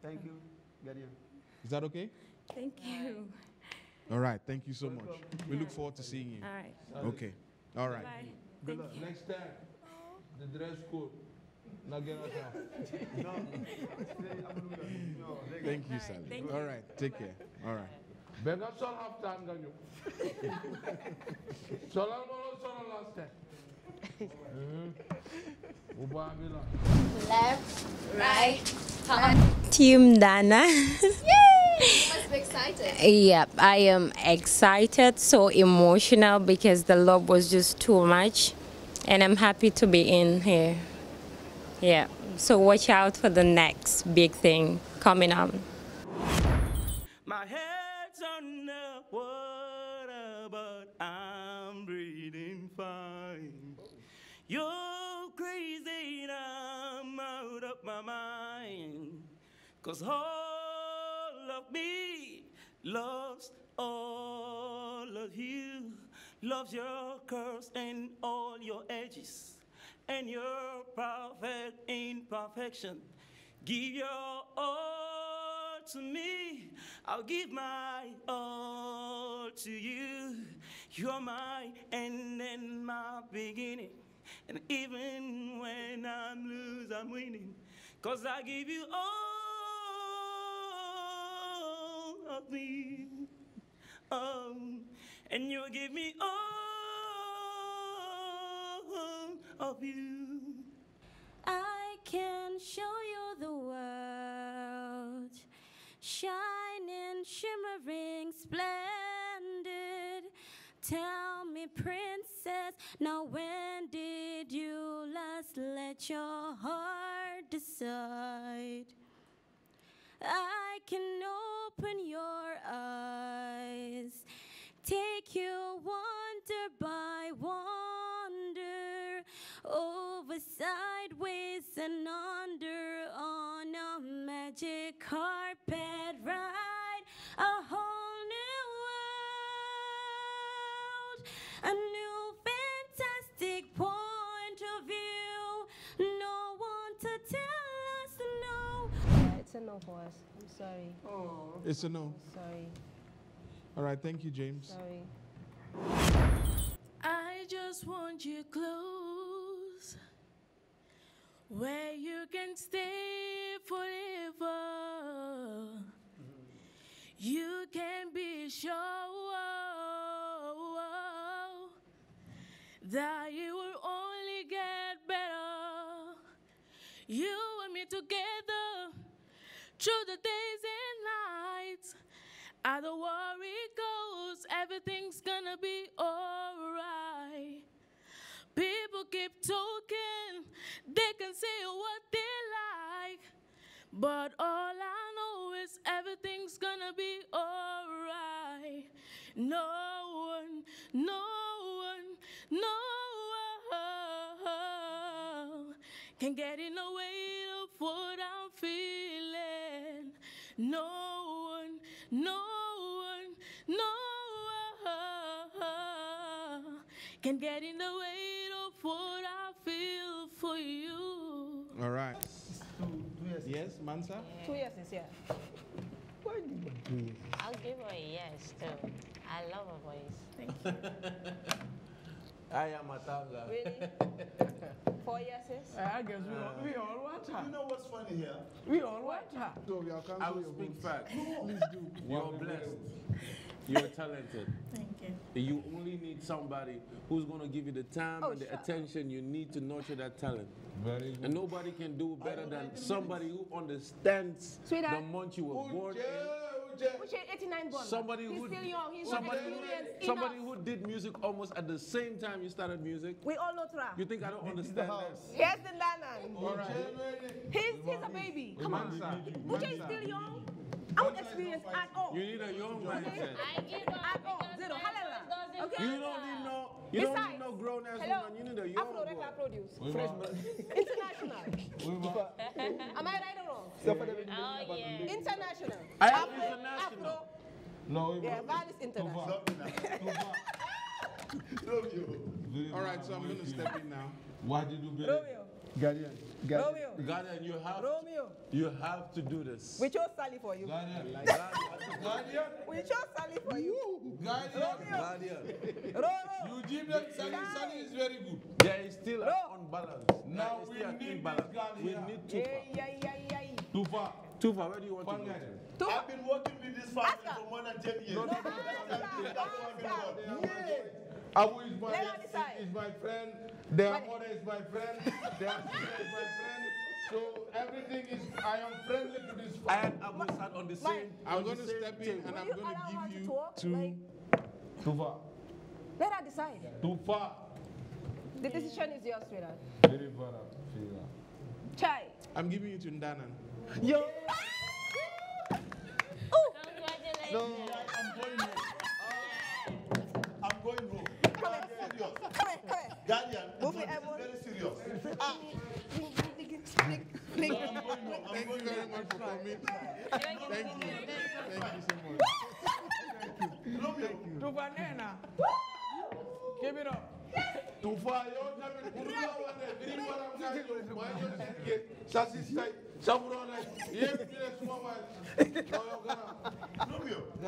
Thank you, Is that okay? Thank you. All right. Thank you so much. We look forward to seeing you. All right. Okay. All right. Bye. Good luck. Next time the dress code. Now get us out. no. Thank you, Sally. All right, take care. All right. Bega sol half time Daniel. ganyo. Solal molo sol last time. Hmm. Left, right, top. Team Dana. Yay! You must be excited. Yep, I am excited, so emotional because the love was just too much and I'm happy to be in here. Yeah, so watch out for the next big thing coming up. My head's water, but I'm breathing fine. You're crazy, and I'm out of my mind. Cause all of me loves all of you loves your curves and all your edges, and your perfect imperfection. Give your all to me, I'll give my all to you. You're my end and my beginning. And even when I'm losing, I'm winning. Cause I give you all of me. Oh and you give me all of you. I can show you the world, shining, shimmering, splendid. Tell me, princess, now when did you last let your heart decide? I can open your eyes take you wonder by wonder, over sideways and under on a magic carpet ride, a whole new world, a new fantastic point of view. No one to tell us no. It's a no for us. I'm sorry. Oh. It's a no. sorry. All right, thank you, James. Sorry. I just want you close where you can stay forever. You can be sure that it will only get better. You and me together through the days and nights. How the worry goes, everything's gonna be alright. People keep talking, they can say what they like. But all I know is everything's gonna be alright. No one, no one, no one can get in the way of what I'm feeling no one, no one, no one can get in the way of what I feel for you. All right. Yes, Mansa? Two yeses, yeah. Why do you I'll give her a yes too. I love her voice. Thank you. <laughs> I am a tabla. Really? <laughs> four years. Eh? Eh, I guess we all, we all want her. You know what's funny here? We all want her. So we are I will speak facts. Please do. You're blessed. You're talented. Thank you. You only need somebody who's going to give you the time oh, and the attention you need to nurture that talent. Very good. And nobody can do better than somebody who understands Sweetheart. the month you were born in. Which is 89 Somebody he's who, still young. He's somebody, experienced Somebody who did music almost at the same time you started music. We all know Tra. You think I don't understand this? Yes, the Lanan. All right. He's, he's a baby. Come on. Buche is still young. I do not experience at all. You need a young man. Okay? I give up. At all. Zero. Hallelujah. Okay? You don't need no. You Besides, don't need no grown ass hello, woman. You need a young Afro one. produce. Fresh <laughs> International. Am I right or wrong? Yeah. <laughs> Oh, yeah. International. I am Afro, international. Afro. No, yeah, Val is international. <laughs> All right, so I'm going to step in now. Why did you do Romeo. Guardian, guardian, Romeo. Guardian, you have Romeo. To, you have to do this. We chose Sally for you. Guardian, guardian. We chose Sally for you. Guardian, Romeo. Guardian. Romeo. You give them Sally. Sally is very good. There is still Ro. an unbalance. Now we need balance. We need Tufa. Yeah, yeah, yeah, yeah. where do you want Fun to go? To? I've been working with this family Aska. for more than ten years. No, no, no. That's what I've been doing. Abu is my, is, is my friend. Their mother is my friend. Their sister is my friend. So everything is, I am friendly to this family. and Abu sat on the same. Mike, I'm going to step in and I'm going to give you to talk? two. Like, too far. Let her decide. Too far. The decision is yours, sweetheart. Very far, sweetheart. Chai. I'm giving it to Ndanan. Yo! Congratulations. No, I'm going Guardian, very serious. ah. ah. no, I'm going home. I'm Thank going you very much for coming. Thank you. Thank you so much. Give it up.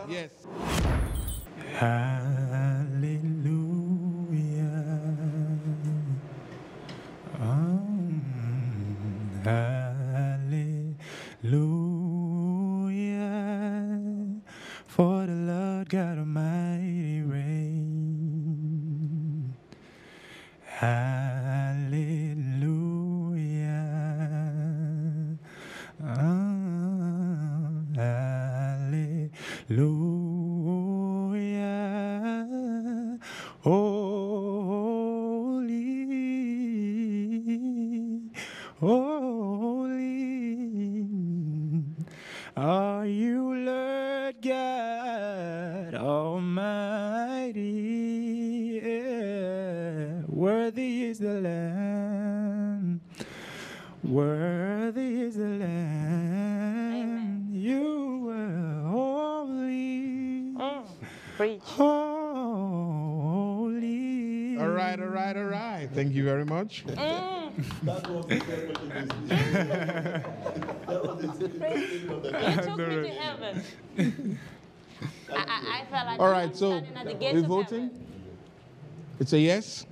Yes. Hallelujah. Hallelujah. For the Lord God Almighty reign. Hallelujah. Ah, hallelujah. is the Lamb. Worthy is the Lamb. Amen. You were holy. Mm. Preach. Holy. All right, all right, all right. Thank you very much. Mm. that was the That was the took me to heaven. <laughs> I, I, I like all right, so we're voting. It's a yes.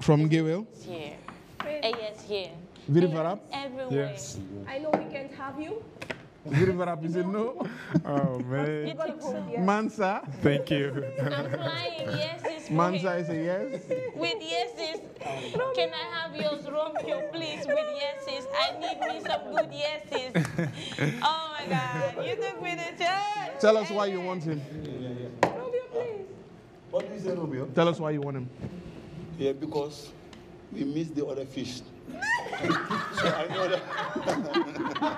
From Gewel? Here. Yes, here. Virivarap? Everywhere. Yes. I know we can't have you. Virivarap is it no. Oh, man. Mansa? Thank you. I'm flying. Yes, Mansa is a yes. With yeses. Can I have yours, Romeo, please, with yeses? I need me some good yeses. <laughs> oh, my God. You took me to church. Tell us why you want him. Romeo, please. What do you say, Romeo? Tell us why you want him. Yeah, because we miss the other fish. <laughs> so I know that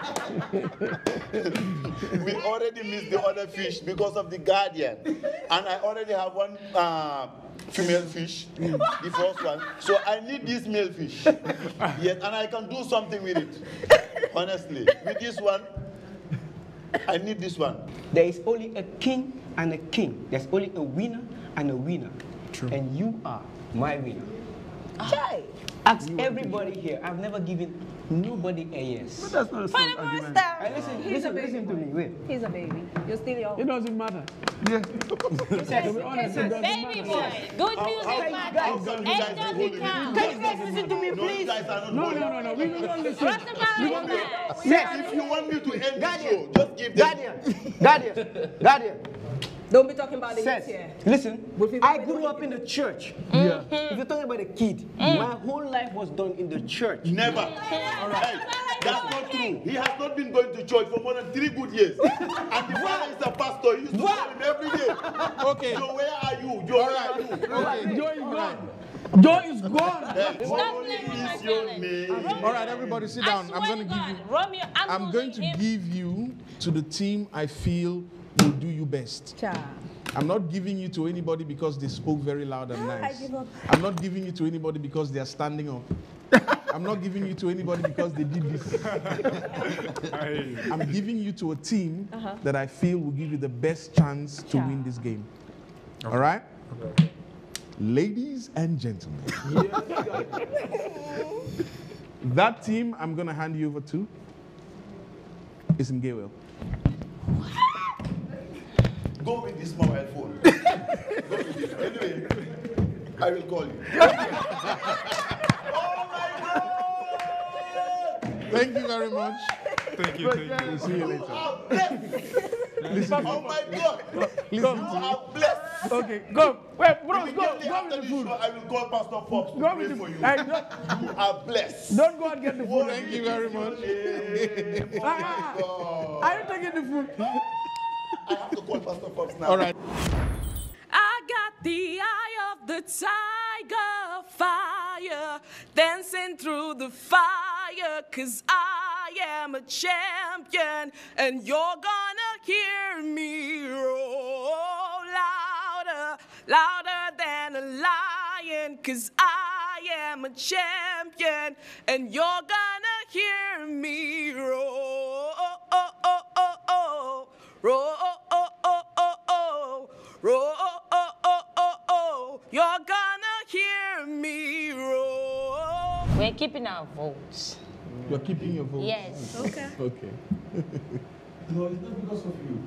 <laughs> we already miss the other fish because of the guardian, and I already have one uh, female fish, the first one. So I need this male fish, yes, and I can do something with it. Honestly, with this one, I need this one. There is only a king and a king. There's only a winner and a winner, True. and you are my way. Jay, ask you everybody here. I've never given nobody a yes. But that's not a the first time. listen, listen, to me. Wait. He's a baby. You're still young. It doesn't matter. Yeah. <laughs> yes, honest, yes, baby boy. Good music matters. Age doesn't count. Can you guys listen to me, please? No, no, no, no. We don't listen. Yes. If you want me to end the show, just give them. Guardian. Guardian. Guardian. <laughs> Don't be talking about the here. Listen, I grew up in the church. Mm-hmm. Yeah. If you're talking about a kid, mm-hmm. my whole life was done in the church. Never. All right. Hey, that's not true. He has not been going to church for more than three good years. <laughs> and the father is a pastor. He used to call him every day. Okay. So where are you? Joe, All right. Okay. Joe is gone. Joe is gone. Stop playing with my feelings. All right, everybody, sit down. I'm going to give you. Romeo, I'm, I'm going to give you to the team I feel will do you best. Cha. I'm not giving you to anybody because they spoke very loud and ah, nice. I give up. I'm not giving you to anybody because they are standing up. I'm not giving you to anybody because they did this. I'm giving you to a team uh -huh. that I feel will give you the best chance to yeah. win this game. Okay. All right? Okay. Ladies and gentlemen. <laughs> that team I'm going to hand you over to is in Gaywell. Go with this mobile phone. Go with it. Anyway, I will call you. oh my God! Thank you very much. Thank you. Thank you. see you later. Listen. Oh my God! Listen you are blessed. Okay, go. Wait, bro, go, go, with the food. Show, I will call Pastor Fox to go pray with for you. I don't, you are blessed. Don't go and get the food. Thank you very much. I ah, ah. are you taking the food? I to call Pastor Pops now. All right. I got the eye of the tiger fire dancing through the fire cause I am a champion and you're gonna hear me roar louder louder than a lion cause I am a champion and you're gonna hear me roar you're gonna hear me roar. We're keeping our votes. You're keeping your vote? Yes. Okay. okay. <laughs> no, it's not because of you.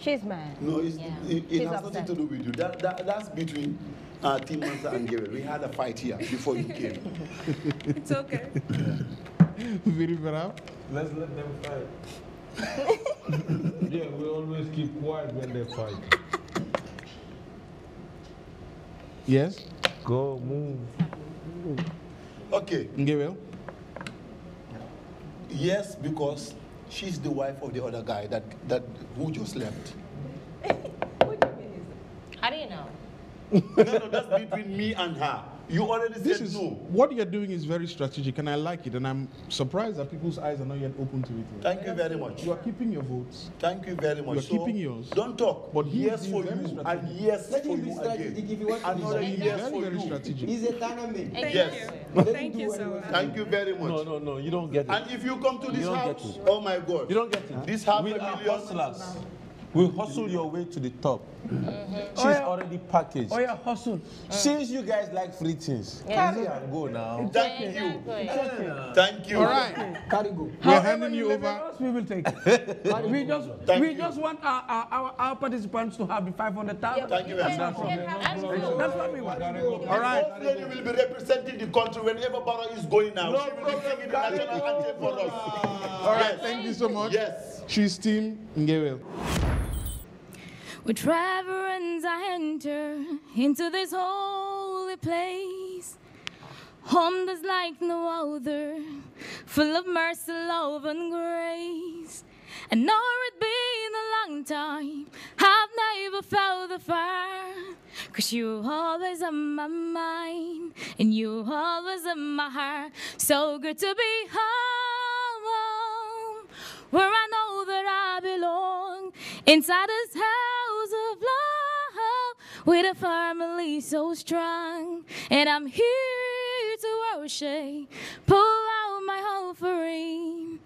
She's mad. No, yeah. it, it has upset. nothing to do with you. That, that, that's between uh, Team Master and Gary. We had a fight here before you came. <laughs> it's okay. Very bravo. Let's let them fight. <laughs> yeah, we always keep quiet when they fight. Yes? Go, move. Okay. Gabriel? Yes, because she's the wife of the other guy that, that who just left. <laughs> what do you mean? How do you know? no, no, that's between me and her. You already this said is, no. What you're doing is very strategic, and I like it. And I'm surprised that people's eyes are not yet open to it. Thank you very much. You are keeping your votes. Thank you very much. You're so keeping yours. Don't talk. But yes for you and yes Let for you again. If you want Another yes, for you. Strategic. He's a tournament. Thank yes. You. Thank you so much. Thank you very much. No, no, no. You don't get it. And if you come to this house, oh my God, you don't get it. This half we a million will hustle your way to the top. Mm -hmm. She's oh, already packaged. Oh yeah, hustle. Mm. Since you guys like free things, yeah. carry and go now. Thank yeah, you. Exactly. Thank you. All right. Carry go. We're handing you over. Us, we will take. <laughs> we just we just want our, our, our participants to have the 500,000. Yeah, Thank you very much. That's what we want. All right. This lady will be representing the country whenever Barra is going now. No she will be singing the national anthem for us. All right. Thank you so much. Yes. She's Team Ngewel. We're travelers, I enter into this holy place. Home that's like no other, full of mercy, love, and grace. And nor it's been a long time, I've never felt the fire. Cause you always on my mind, and you always in my heart. So good to be home, where I know that I belong, inside this house of love with a family so strong. And I'm here to worship, pull out my offering.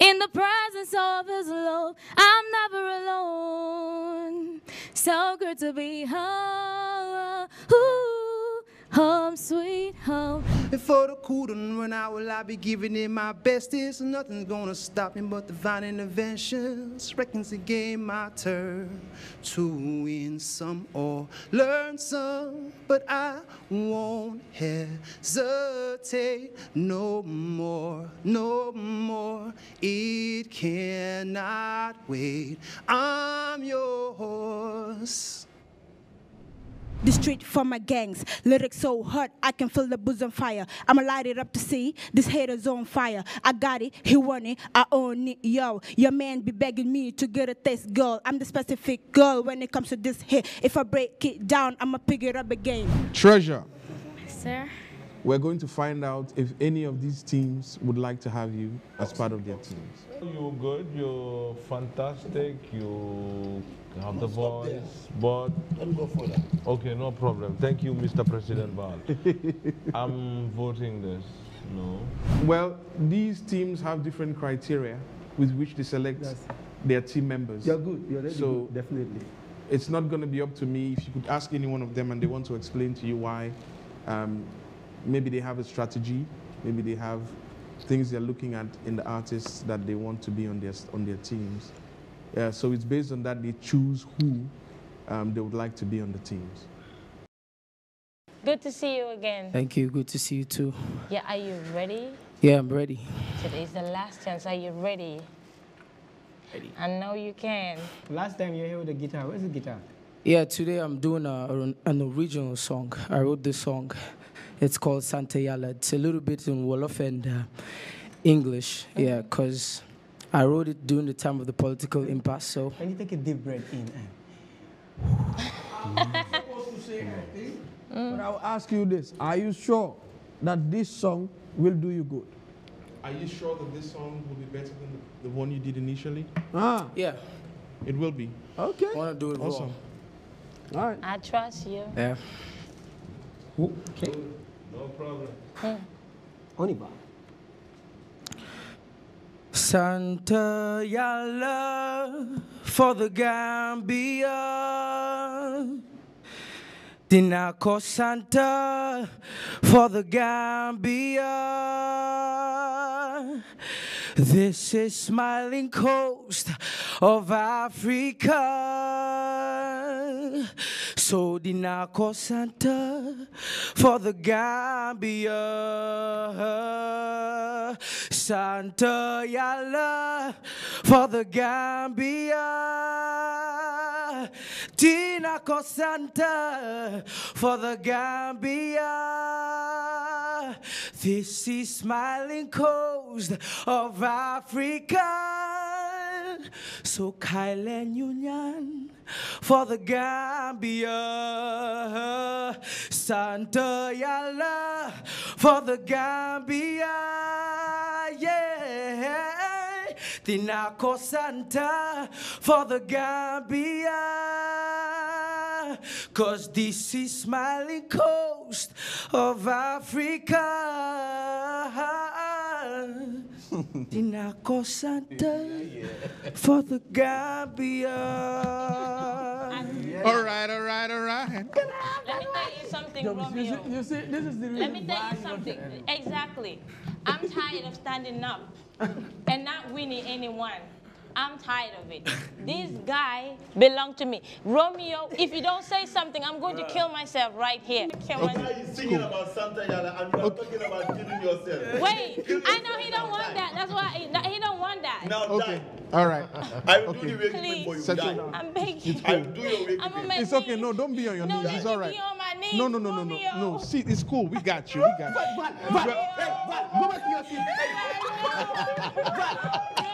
In the presence of his love, I'm never alone. So good to be home. Ooh home sweet home. If for the cool run out, will I be giving it my best? Is nothing's gonna stop me but divine interventions. Reckons the game my turn to win some or learn some, but I won't hesitate no more, no more. It cannot wait. I'm yours. The street for my gangs. Lyrics so hot, I can feel the bosom fire. I'ma light it up to see this hater's on fire. I got it, he want it, I own it, yo. Your man be begging me to get a taste, girl. I'm the specific girl when it comes to this hit. If I break it down, I'ma pick it up again. Treasure. Sir? We're going to find out if any of these teams would like to have you as part of their teams. You're good, you're fantastic, you have the voice, but... Don't go further. Okay, no problem. Thank you, Mr. President <laughs> I'm voting this, no. Well, these teams have different criteria with which they select yes. their team members. You're good, you're ready, so good. definitely. It's not going to be up to me. If you could ask any one of them and they want to explain to you why, um, maybe they have a strategy, maybe they have things they're looking at in the artists that they want to be on their, on their teams. Yeah, so it's based on that they choose who um, they would like to be on the teams. Good to see you again. Thank you. Good to see you too. Yeah, are you ready? Yeah, I'm ready. Today's the last chance. Are you ready? Ready. I know you can. Last time you were here with the guitar. Where's the guitar? Yeah, today I'm doing a, an original song. I wrote this song. It's called Santa Yala. It's a little bit in Wolof and uh, English, okay. yeah, because I wrote it during the time of the political impasse. So. Can you take a deep breath in? I'm supposed to say anything, but I'll ask you this: Are you sure that this song will do you good? Are you sure that this song will be better than the, one you did initially? Ah, yeah, it will be. Okay, I want to do it awesome. All right, I trust you. Yeah. Okay. No problem. Yeah. Oniba. Santa Yala for the Gambia. Then I Santa for the Gambia. This is smiling coast of Africa. So then Santa for the Gambia. Santa Yala for the Gambia. Tina Santa for the Gambia. This is smiling coast of Africa. So and Union for the Gambia. Santa Yala for the Gambia. Yeah. Tinakosanta, I call for the Gambia. Cause this is smiling coast of Africa. <laughs> Tinakosanta, Santa for the Gambia. all right, all right, all right. Let me tell you something, Romeo. You see, this is the Let me tell you something. Exactly. I'm tired of standing up. <laughs> and not winning anyone. I'm tired of it. this guy belongs to me. Romeo, if you don't say something, I'm going to kill myself right here. Kill okay. Now you're singing about Santa Yala and you're okay. talking about killing yourself. Wait, <laughs> kill I know he don't want that. That's why he don't want that. Now okay. Die. All right. <laughs> I will okay. do the wake Please. for you. Settle down. I'm begging. you. I will do your wake It's okay. No, don't be on your no, knees. It's all right. No, no, no, no, no, no. See, it's cool. We got you. We got you. But, but, but, but, go back to your seat. <laughs>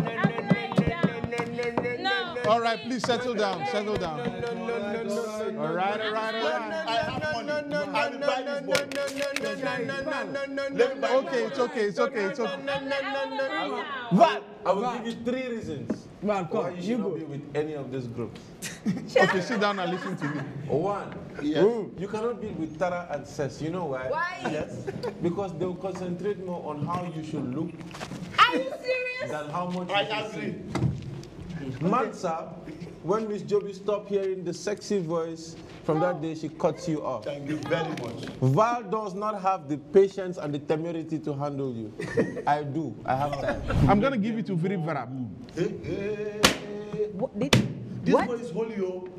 All right, please settle down. Settle down. All right, all right, all right. I have money. I buy this boy. Okay, it's okay, it's okay, it's okay. What? I will give you three reasons. Man, come, Why you should not be with any of these groups. okay, sit down and listen to me. One, yes. you cannot be with Tara and Sess. You know why? Why? Yes. Because they will concentrate more on how you should look. Are you serious? Than how much I you agree. See. Mansa, when Miss Joby stopped hearing the sexy voice, from that day she cuts you off. Thank you very much. Val does not have the patience and the temerity to handle you. I do. I have time. I'm going to give it to Philip Vera. Hey, eh, eh. hey. What, did, this what? one is holy, yo. Oh.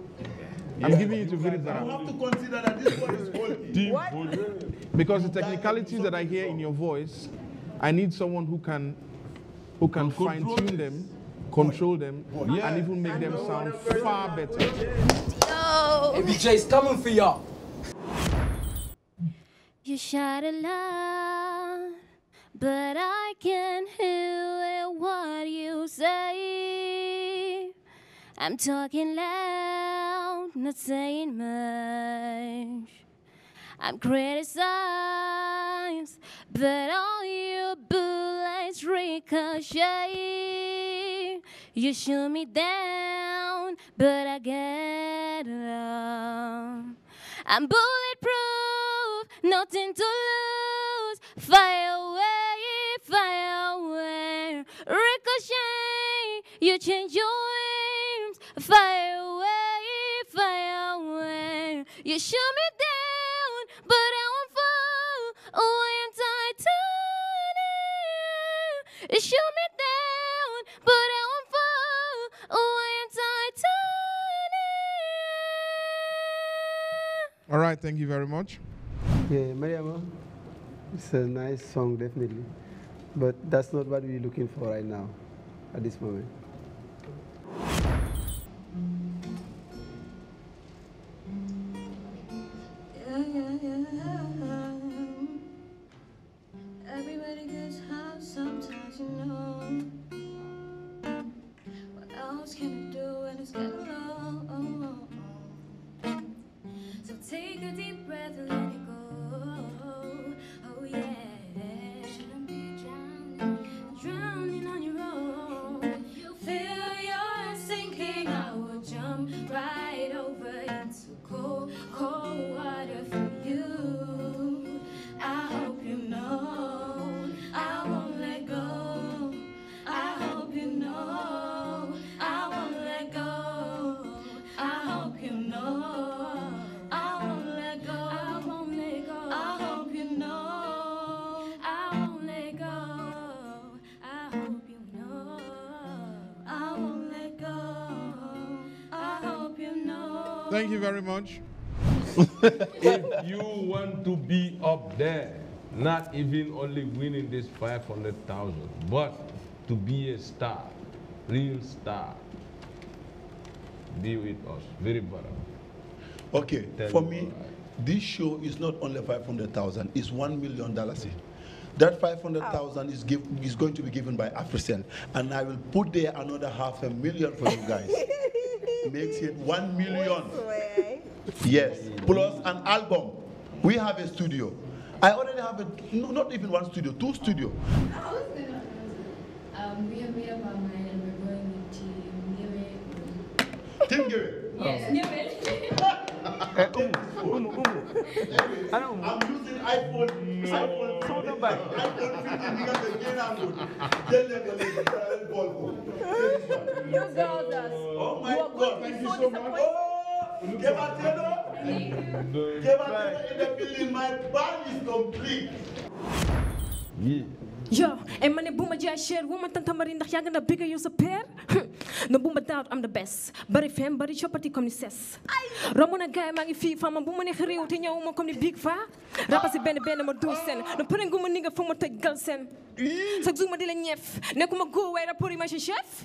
I'm giving it to Philip Vera. You have to consider that this one is holy. <laughs> what? Because the technicalities that I hear in your voice, I need someone who can, who can fine-tune them control them, yeah. and even make them sound far better. Yo! MBJ is coming for y'all. You shout a lot, but I can hear what you say. I'm talking loud, not saying much. I'm criticized, but all your bullets ricochet. You shoot me down, but I get up. I'm bulletproof, nothing to lose. Fire away, fire away. Ricochet, you change your aims. Fire away, fire away. You shoot me down, but I won't fall. Oh, I am Titanic. You shoot me down. All right, thank you very much. Yeah, Mariama, it's a nice song, definitely. But that's not what we're looking for right now, at this moment. there, not even only winning this 500,000, but to be a star, real star. Be with us, very bottom. Okay, Tell for me, this show is not only 500,000, it's $1 million. That 500,000 is, give, is going to be given by AfriCell, and I will put there another half a million for you guys. <laughs> Makes it 1 million. Yes, plus an album. We have a studio. I already have a, no, not even one studio, two studio. Um, we have made up our mind and we're going to Nyeri. Team Nyeri? Yes, oh. Nyeri. <laughs> Umu, Umu, Umu. Ano Umu? I'm using iPhone. No. iPhone. Sound number. iPhone 15 because the gain angle. Tell them the little ball. You girls are. Oh my God, thank you so much. Oh. Gebateno, Gebateno in the building, my bag is Tantamari ndax yaga na bigger you pair. <laughs> No Buma doubt I'm the best. Bari fam bari chopati comme ni ses. Ramona guy maa ngi fii fama bu ma neex réew te ñëw ma comme ni big fa. Rapa si benn benn ma dóor seen. No pare nguma ni nga fu ma tëj gal seen. Sa zuma di la ñeef. Nekkuma góo waaye rapport yi ma si chef.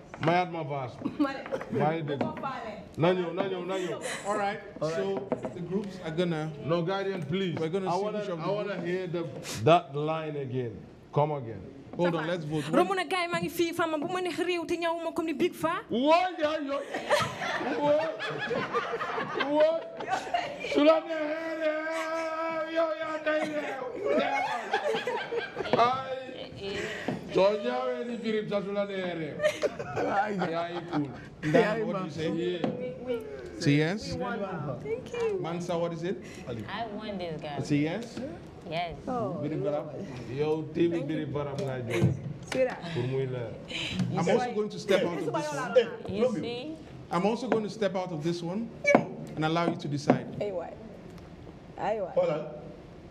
My ma <laughs> My. maa Nanyo, Nanyo. na all right so the groups are gonna no guardian please we're gonna I see wanna, I wanna hear the that line again come again Hold on, let's vote. Romuna guy mangi fi fama bu mane rew te ñaw ma comme ni big fa. What? What? What? Sula ne yo ya day rew. Ay Tonyaweni what you say here? yes? Thank you. Mansa, what is it? I want this guy. yes? Yes. Oh, I'm also going to step out of this one. You see? I'm also going to step out of this one and allow you to decide. Hey, why? Hold on.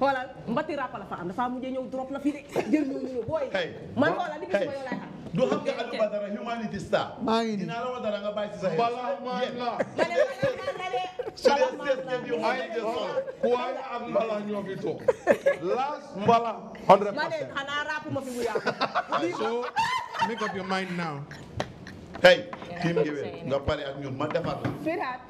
xoolal mbati ràpp la fa am dafa mujjee ñëw drop la fii de <laughs> jël ñu ñëw booy. man xoolal li bis ma yow laay xam. du xam nga Aliou Badara humanité star. maa ngi nii dinaa la woo dara nga bàyyi ci sa yéen. wallaahi maa ngi la. ma ne ma ne ma ne. su dee seet ngeen di ay des sol. waaye ak mbala ñoo fi toog. laas mbala. 100% ma ne xanaa ràpp ma fi mu yàqu. <laughs> so make up your mind now. hey. team Gueweul nga pare ak ñun ma defar la.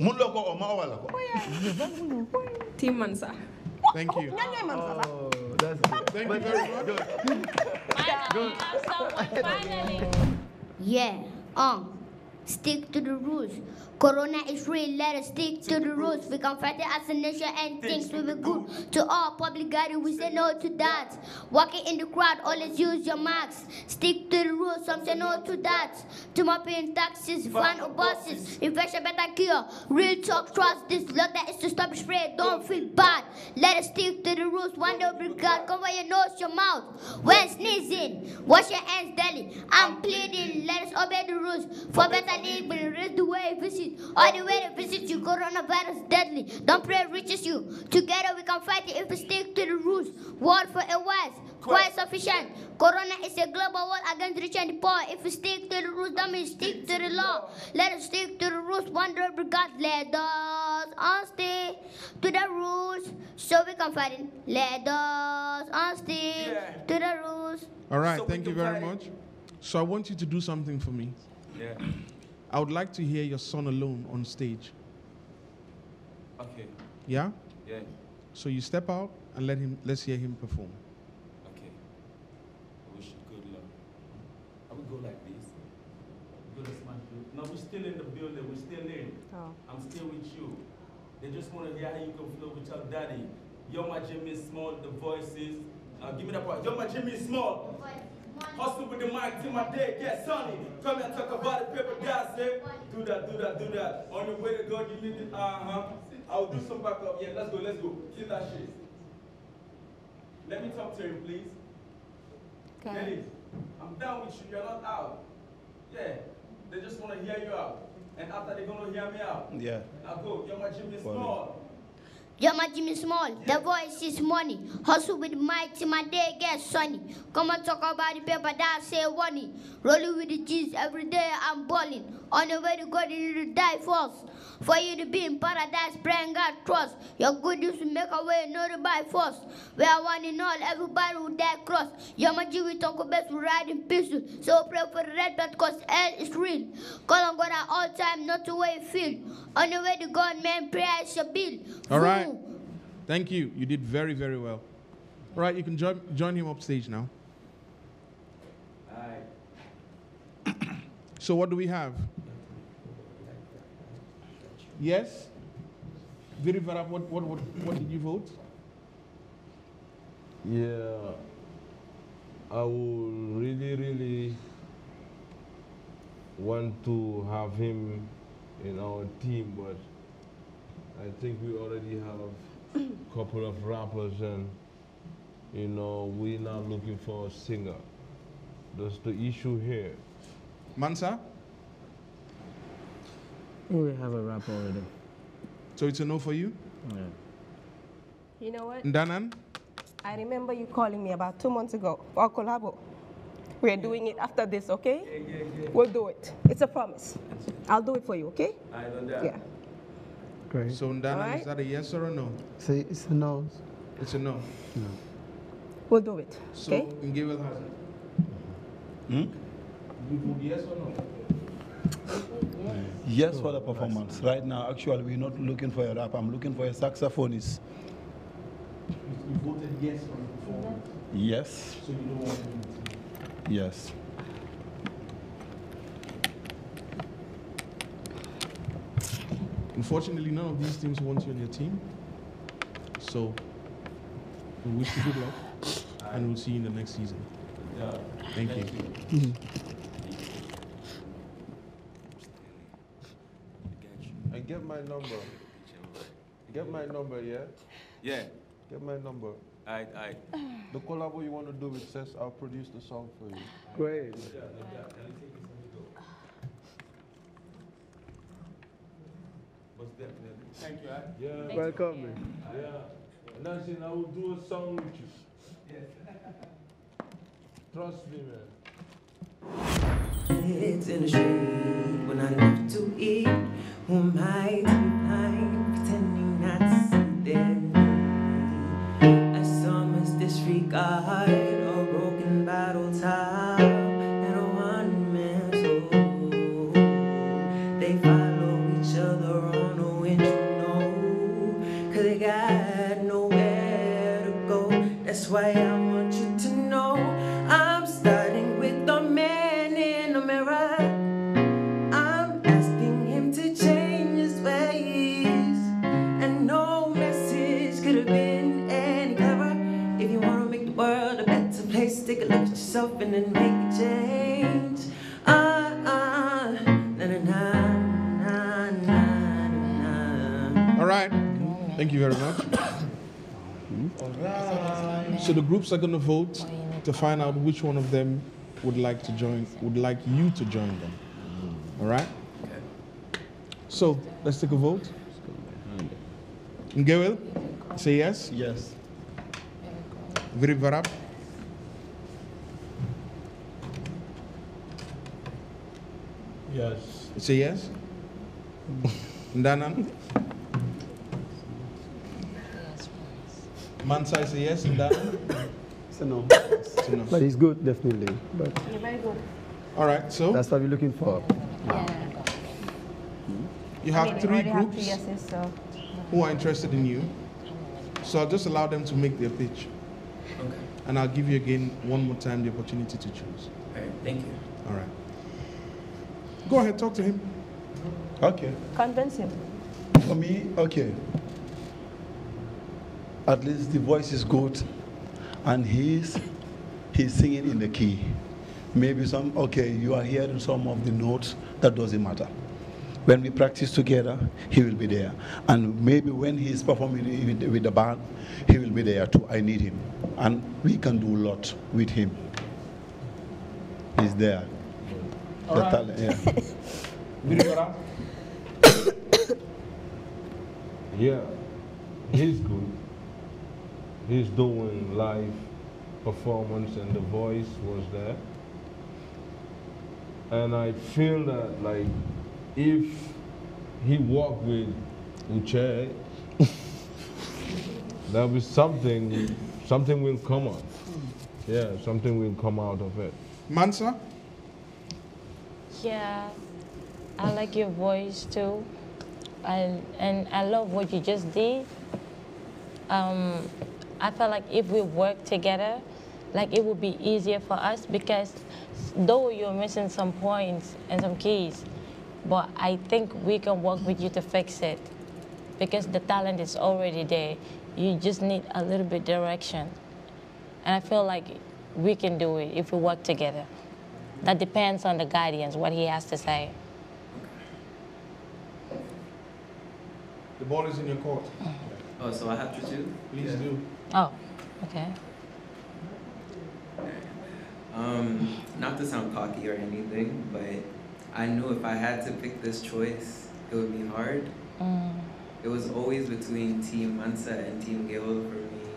mënuloo ko oo ma owal ko. team Mansa. thank you. Oh, that's good. Thank you very much. <laughs> finally. Yeah, um, stick to the rules. Corona is real, let us stick to the rules. We fight it as a nation and things will be good. To all public gathering, we say no to that. Walking in the crowd, always use your mask. Stick to the rules, some say no to that. To in taxes, van or buses. Infection better cure. Real talk, trust this. Love that is to stop spread, don't feel bad. Let us stick to the rules, one day will God. Cover your nose, your mouth. When sneezing, wash your hands daily. I'm pleading, let us obey the rules. For better living, raise the way, visit seed. All the way to visit you, coronavirus deadly. Don't pray it reaches you. Together we can fight it if we stick to the rules. Word for a wise, quite sufficient. Corona is a global war against rich and poor. If we stick to the rules, that means stick to the law. Let us stick to the rules, wonder God. Let us all stick to the rules so we can fight it. Let us all stick yeah. to the rules. All right, so thank you very much. So I want you to do something for me. Yeah. I would like to hear your son alone on stage. Okay. Yeah? Yeah. So you step out and let him let's hear him perform. Okay. I wish you good luck. I would go like this. Go to smash No, we're still in the building. We're still in. Oh. I'm still with you. They just want to hear how you can flow with your daddy. Yo, my Jimmy Small, the voices. Now give me that part. Yo, my Jimmy Small. Hustle with the mic till my day gets sunny. Come and talk about the paper dance, eh? Do that, do that, do that. On your way to God, you need it, uh-huh. I'll do some backup. Yeah, let's go, let's go. Kill that shit. Let me talk to him, please. Okay. Dennis, I'm down with you. You're not out. Yeah, they just want to hear you out. And after they're going to hear me out. Yeah. Now go, you're my Jimmy Small. Your margin is small, the voice is money. Hustle with might till my day gets sunny. Come and talk about the paper that I say money. Rolling with the cheese every day, I'm balling. On the way to God, you need to die first. For you to be in paradise, praying God trust. Your good news will make a way, not by force. We are one in all, everybody will die cross. Your magic with Uncle Best will ride in peace. So pray for the red blood, cause hell is real. Call on God at all time, not to way feel. On the way to God, man, prayer is your bill. All right. Thank you. You did very, very well. All right, you can join, join him up stage now. Hi. <coughs> so what do we have? Yes? Very what, what, what, what did you vote? Yeah, I would really, really want to have him in our team, but I think we already have a couple of rappers and you know, we're not looking for a singer. That's the issue here. Mansa? We have a wrap already. So it's a no for you? Yeah. You know what? Danan? I remember you calling me about two months ago. Or collabo. We're doing it after this, okay? Yeah, yeah, yeah. We'll do it. It's a promise. I'll do it for you, okay? I don't doubt. Yeah. Great. So Ndana, right. is that a yes or a no? It's a, it's a no. It's a no. No. We'll do it. So okay? Ngewel has it. Hmm? Yes or no? Yes, for the performance. Right now, actually, we're not looking for a rap. I'm looking for a saxophonist. You voted yes for the performance? Yes. So you don't want to Yes. Unfortunately, none of these things want you on your team. So we wish you good luck, and we'll see you in the next season. Yeah. Thank, Thank you. you. Mm-hmm. number. Get my number, yeah? Yeah. Get my number. I, I. The collab you want to do with Cess, I'll produce the song for you. Great. Thank you. Yeah. Welcome. Yeah. Nothing. I will do a song with you. Yes. <laughs> Trust me, man. It's in the shade when I have to eat. Am I too blind, pretending not to see them? I so much disregard. open and make a change. Ah, ah, na, na, na, na, na, All right. Thank you very much. So the groups are going to vote to find out which one of them would like to join, would like you to join them. All right. So let's take a vote. Ngewel, say yes. Yes. Virip Varap. Yes. It's a yes? Mm. Ndana? <laughs> Mansa is a yes, Ndana? it's a no. It's a no. But he's good, definitely. But very good. All right, so? That's what we're looking for. Yeah. You have I mean, three groups have yeses, so. who are interested in you. So I'll just allow them to make their pitch. Okay. And I'll give you again one more time the opportunity to choose. All right, thank you. All right. Go ahead, talk to him. Okay. Convince him. For me, okay. At least the voice is good, and he's he's singing in the key. Maybe some okay, you are hearing some of the notes. That doesn't matter. When we practice together, he will be there, and maybe when he's performing with, with the band, he will be there too. I need him, and we can do a lot with him. He's there. Talent, yeah. <laughs> yeah, he's good. He's doing live performance and the voice was there. And I feel that like if he walked with Uche, <laughs> there'll be something, something will come up. Yeah, something will come out of it. Mansa? Yeah, I like your voice too. I, and I love what you just did. Um, I felt like if we work together, like it would be easier for us because though you're missing some points and some keys, but I think we can work with you to fix it because the talent is already there. You just need a little bit direction. And I feel like we can do it if we work together. That depends on the guardians, what he has to say. The ball is in your court. Mm-hmm. Oh, so I have to do? Please yeah. do. Oh, okay. Um, not to sound cocky or anything, but I knew if I had to pick this choice, it would be hard. Mm. It was always between Team Mansa and Team Gil for me,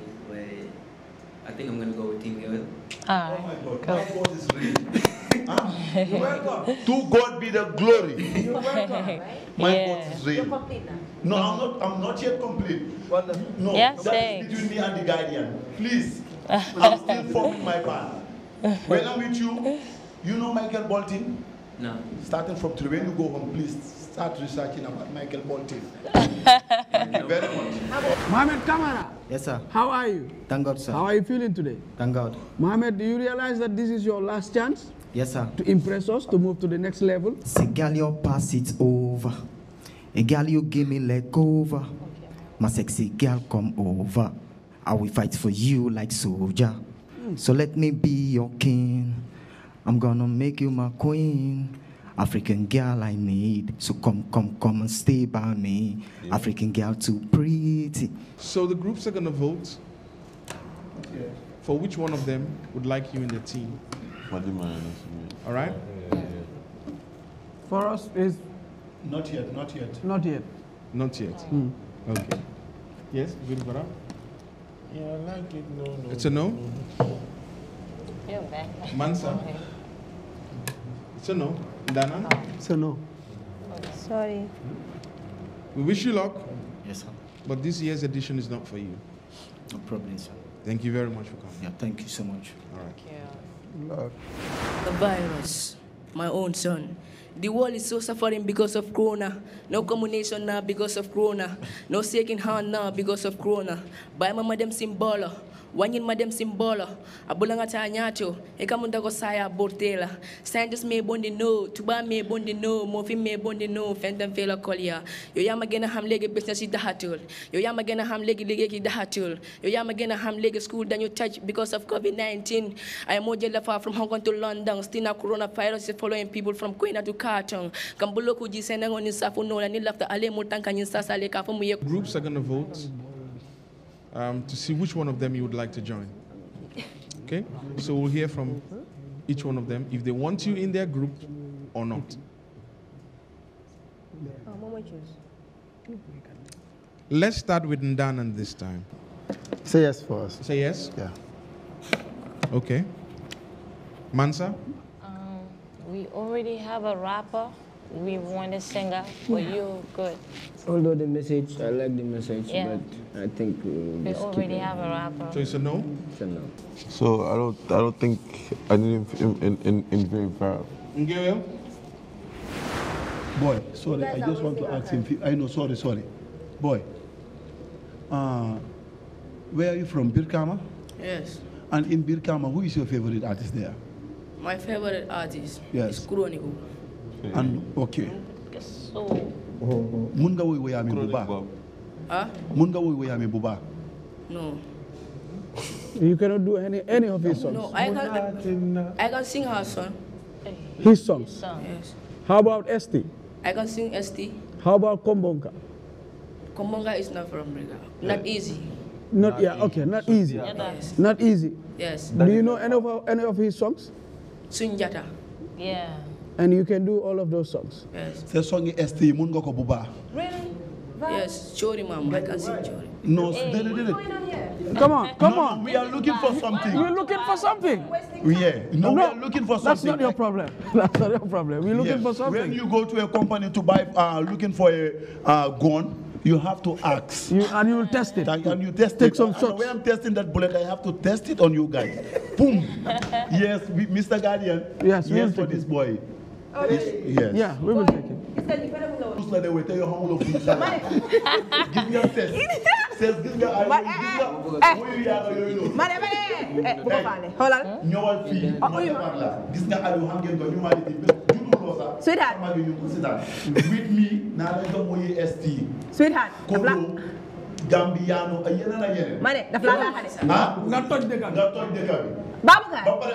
but I think I'm gonna go with Team Gil. All right. Oh my god, cool. my is welcome. to God be the glory. You're welcome. My yeah. God is real. You're now. No, I'm not. I'm not yet complete. No, yes, that thanks. is between me and the guardian. Please, <laughs> I'm still forming my band. When I'm with you, you know Michael Bolton. No. Starting from today, when you go home, please start researching about Michael Bolton. <laughs> Thank you very much. Mohamed Kamara. Yes, sir. How are you? Thank God, sir. How are you feeling today? Thank God. Mohamed, do you realize that this is your last chance? Yes, sir. To impress us, to move to the next level. Se galio pass it over. E galio give me leg over. My sexy girl come over. I will fight for you like soldier. So let me be your king. I'm gonna make you my queen. African girl I need. So come, come, come and stay by me. Yeah. African girl too pretty. So the groups are gonna vote for which one of them would like you in the team. All right? Yeah, All right? For us is? Not yet, not yet. Not yet. Not yet. Mm. Okay. Yes, Gilbara? Yeah, I like it. No, no. It's a no? Yeah, man. Mansa? It's a no. Dana? Oh. It's a no. Sorry. We wish you luck. Yes, sir. But this year's edition is not for you. No problem, sir. Thank you very much for coming. Yeah, thank you so much. All right. Thank you. Lord. The virus, my own son. The world is so suffering because of Corona. No communication now because of Corona. No shaking hand now because of Corona. By my madam symbolo wanyin madem simbola abulanga ta nyato e kamunda ko saya bortela scientists me bondi no tuba me bondi no mofi me bondi no fendan fela kolia yo yama gena ham lege business dahatul yo yama gena ham lege lege ki dahatul yo yama gena ham lege school dan you touch because of covid-19 i am ojela far from hong kong to london still na coronavirus is following people from kwena to kartong kambulo kuji senango ni safu no ni lafta ale mutanka ni sasa le kafu mu groups are going to vote um, to see which one of them you would like to join. Okay? So we'll hear from each one of them if they want you in their group or not. Oh, Let's start with Ndanan this time. Say yes for us. Say yes? Yeah. Okay. Mansa? Um, we already have a rapper we want a singer, for yeah. you good. Although the message, I like the message, yeah. but I think we already have a rapper. So it's a no. It's a no. So I don't, I don't think I need him in in in, in very far. Gabriel. Boy, sorry, I just want to ask him. I know, sorry, sorry. Boy, uh, where are you from? Birkama? Yes. And in Birkama, who is your favorite artist there? My favorite artist yes. is Kuroniku and ok So, nga woy we bu baax ah mun nga woy no you cannot do any any of his songs no i can i can sing her song his songs his song. yes how about st i can sing st how about kombonga kombonga is not from Riga. not easy not, not yeah easy. okay not easy yeah, not easy yes do you know any of any of his songs sunjata yeah and you can do all of those songs. Yes. The song is ST Mungo Really? Yes, Chori Mama. I can sing No, hey, Come on, come no, on. We are looking for something. We're looking for something. Yeah. No, no, we are looking for something. That's not your problem. <laughs> That's not your problem. We're looking yes. for something. When you go to a company to buy, uh, looking for a uh, gun, you have to ask. You, and you will test it. And, and you test Take it. some shots. When I'm testing that bullet, I have to test it on you guys. Boom. <laughs> yes, Mr. Guardian. Yes, yes for this boy. Oh, really? Yes. Yeah, we will take it. He said you better know. Just like they will tell you how long of you Give me a test. Says gis nga ay ma ne bu ko faale xoolal ñëwal fii la gis nga Aliou xam ngeen ko ñu ma di judduloo sax sweetheart ma ngi yóbbu si daal with me naa la jox mooy ST sweetheart Gambiano ay yeneen ak yeneen ma ne daf laa laa xale nga toj dëkk bi nga toj dëkk bi Baboucarr ba pare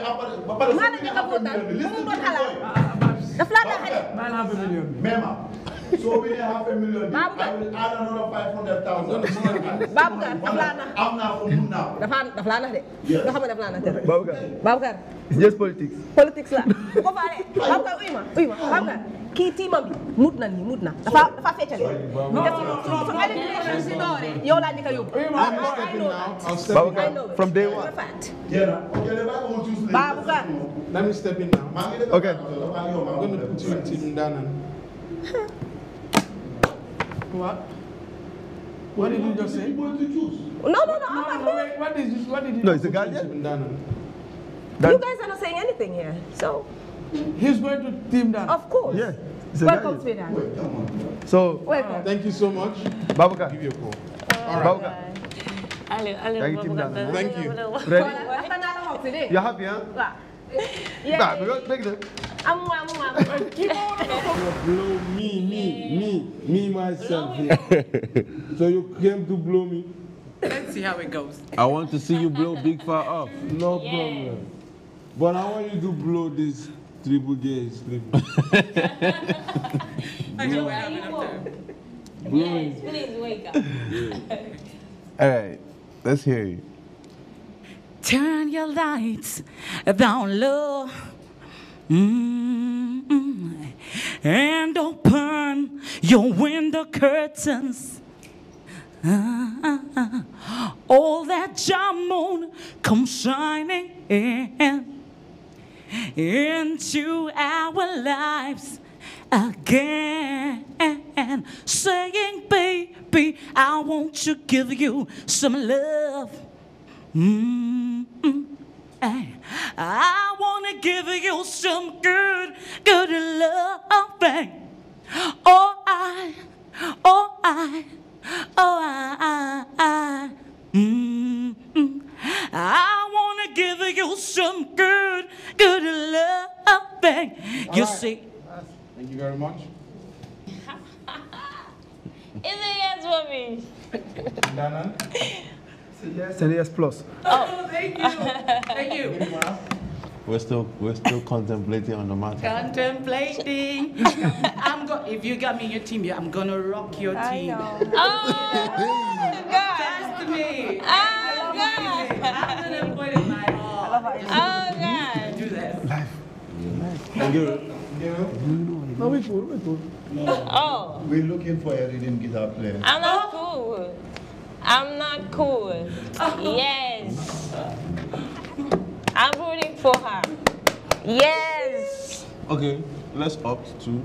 ba pare maa la njëkk a bootal mu doon xalaat daf laa taxale. nine hundred million bi. mais ma soo bi nee half a million bi. Baboucar I will add another five hundred thousand. Baboucar daf laa nax. am naa ko mun naa ko. dafa daf laa nax de. nga xam ne daf laa nax de. Baboucar Baboucar. just politics. politics la bu ko faalee Baboucar uy ma uy ma Baboucar. Kitty tiimam bi mut na dafa dafa yow from day one Yeah. let me step in now okay I'm going to put you in team <laughs> what what did you just say no no no what did you what did you no it's a guy. you guys are not saying anything here so He's going to team that. Of course. Yeah. Welcome, Sweden. Wait, so, Welcome. thank you so much. Babuka. Give you a call. Uh, All right. Babuka. Thank you, team dance. Thank you. Ready? You're happy, huh? Yeah. Nah, because, take the... I'm one, I'm one. blow me, me, me, me, myself. so you came to blow me? Let's see how it goes. I want to see you blow big far off. No yeah. problem. But I want you to blow this Triple gays, triple. Actually, what happened up there? Yes, please wake up. All right, let's hear you. Turn your lights down low. Mm-hmm. And open your window curtains. Ah, ah, ah. all that jam moon come shining in into our lives again. Saying, baby, I want to give you some love. Mm -mm. I want to give you some good, good loving. Oh, I, oh, I, oh, I, I, mm I want to give you some good good loving. All you right. see. Thank you very much. <laughs> Is it yes for me? Dana? <laughs> yes and yes plus. Oh, oh thank you. thank you. <laughs> We're still we're still contemplating on the matter. Contemplating. I'm go if you got me your team, yeah. I'm gonna rock your I team. Know. oh, oh God. Trust me. Oh God. I'm gonna put in my all. Oh God. No, we tour, we tour. <laughs> No. Oh. We're looking for a rhythm guitar player. I'm not cool. I'm not cool. Yes. I'm rooting for her. Yes. Okay, let's opt to.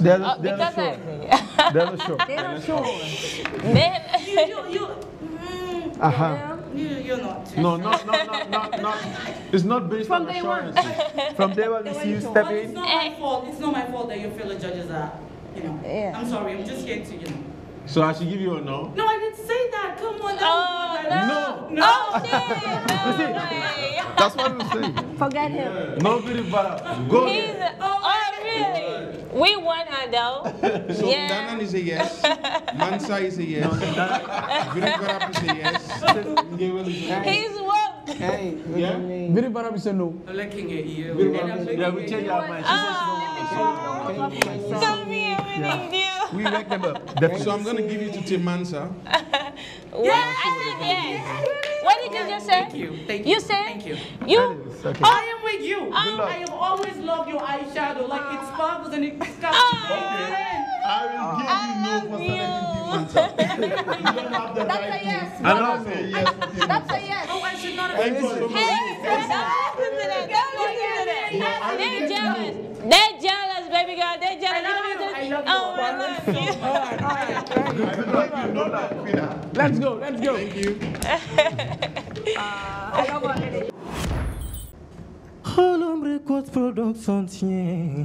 They're, oh, they're not sure. they're not sure. They're not sure. you, you, you. Mm, uh -huh you, are not. No, not, not, not, not, not. It's not based From on day one. From day one, you see you step in. it's not my eh. fault. It's not my fault that your fellow judges are, you know. Yeah. I'm sorry. I'm just here to, you know. So I should give you a no. No, I didn't say that. Come on. Oh, No. No. Oh <laughs> shit! No way. That's what I'm saying. Forget him. Nobody but go. He's. there. Oh, really? We want her though. <laughs> so yeah. Danan is a yes. <laughs> Mansa is a yes. Virugvarap is a yes. <laughs> He's what Hey, yeah. Biri Barab said no. I'm looking at you. Yeah, ah, we change our minds. Tell me I'm winning We wake them up. That's <laughs> so I'm going to give you to Timansa. <laughs> yeah, I said yes. What did you just say? Thank you. Thank you. You said? Thank you. You? Okay. I am with you. Um, I have always loved your eyeshadow. Like it sparkles and it sparkles. <laughs> Oh. Okay. I will ah. give you no for selecting the <laughs> you don't have the That's right a yes. I don't say yes. That's a yes. Oh, I should not have listened. Hey, don't listen to that. Don't listen to that. They're jealous. They're jealous, baby girl. They're jealous. I love you. I love you. All right, all right. I love you. Let's go. Let's go. Thank you. Uh, I love already. All Hombre Quad Productions, yeah.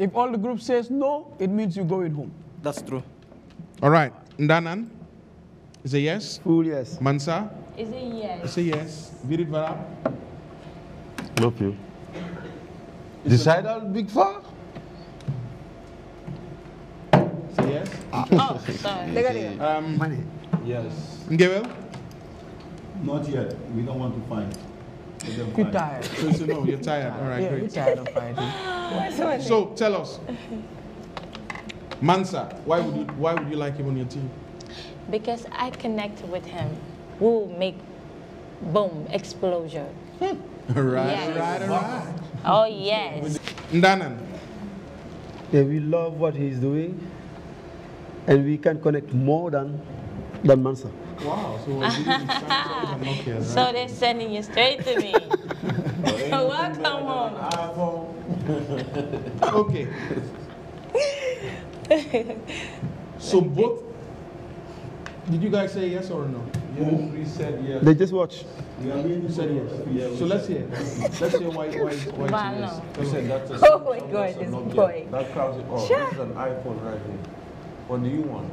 If all the group says no, it means you're going home. That's true. All right. Ndanan? Is it yes? Full yes. Mansa? Is it yes? Is it yes? Virit Varap? No few. Decide on Big Four? Say yes? Ah. oh, sorry. <laughs> um, Money. Yes. Ngewel? Not yet. We don't want to find. You're tired. So, <laughs> no, you're tired. All right, yeah, great. You're tired of fighting. <laughs> so tell us, Mansa, why would you why would you like him on your team? Because I connect with him. We'll make boom explosion. Hmm. yes. right, right. Oh yes. Ndanan. Yeah, we love what he's doing, and we can connect more than than Mansa. Wow, so, Nokia, <laughs> right? they're sending you straight to me. <laughs> Welcome home. <laughs> okay. so both, did you guys say yes or no? we said yes. They just watch. Yeah, we said yes. Yeah, so let's hear. let's hear why why why yes. Said that's a, oh my God, this boy. That crowds it oh, This is an iPhone right here. What do you want?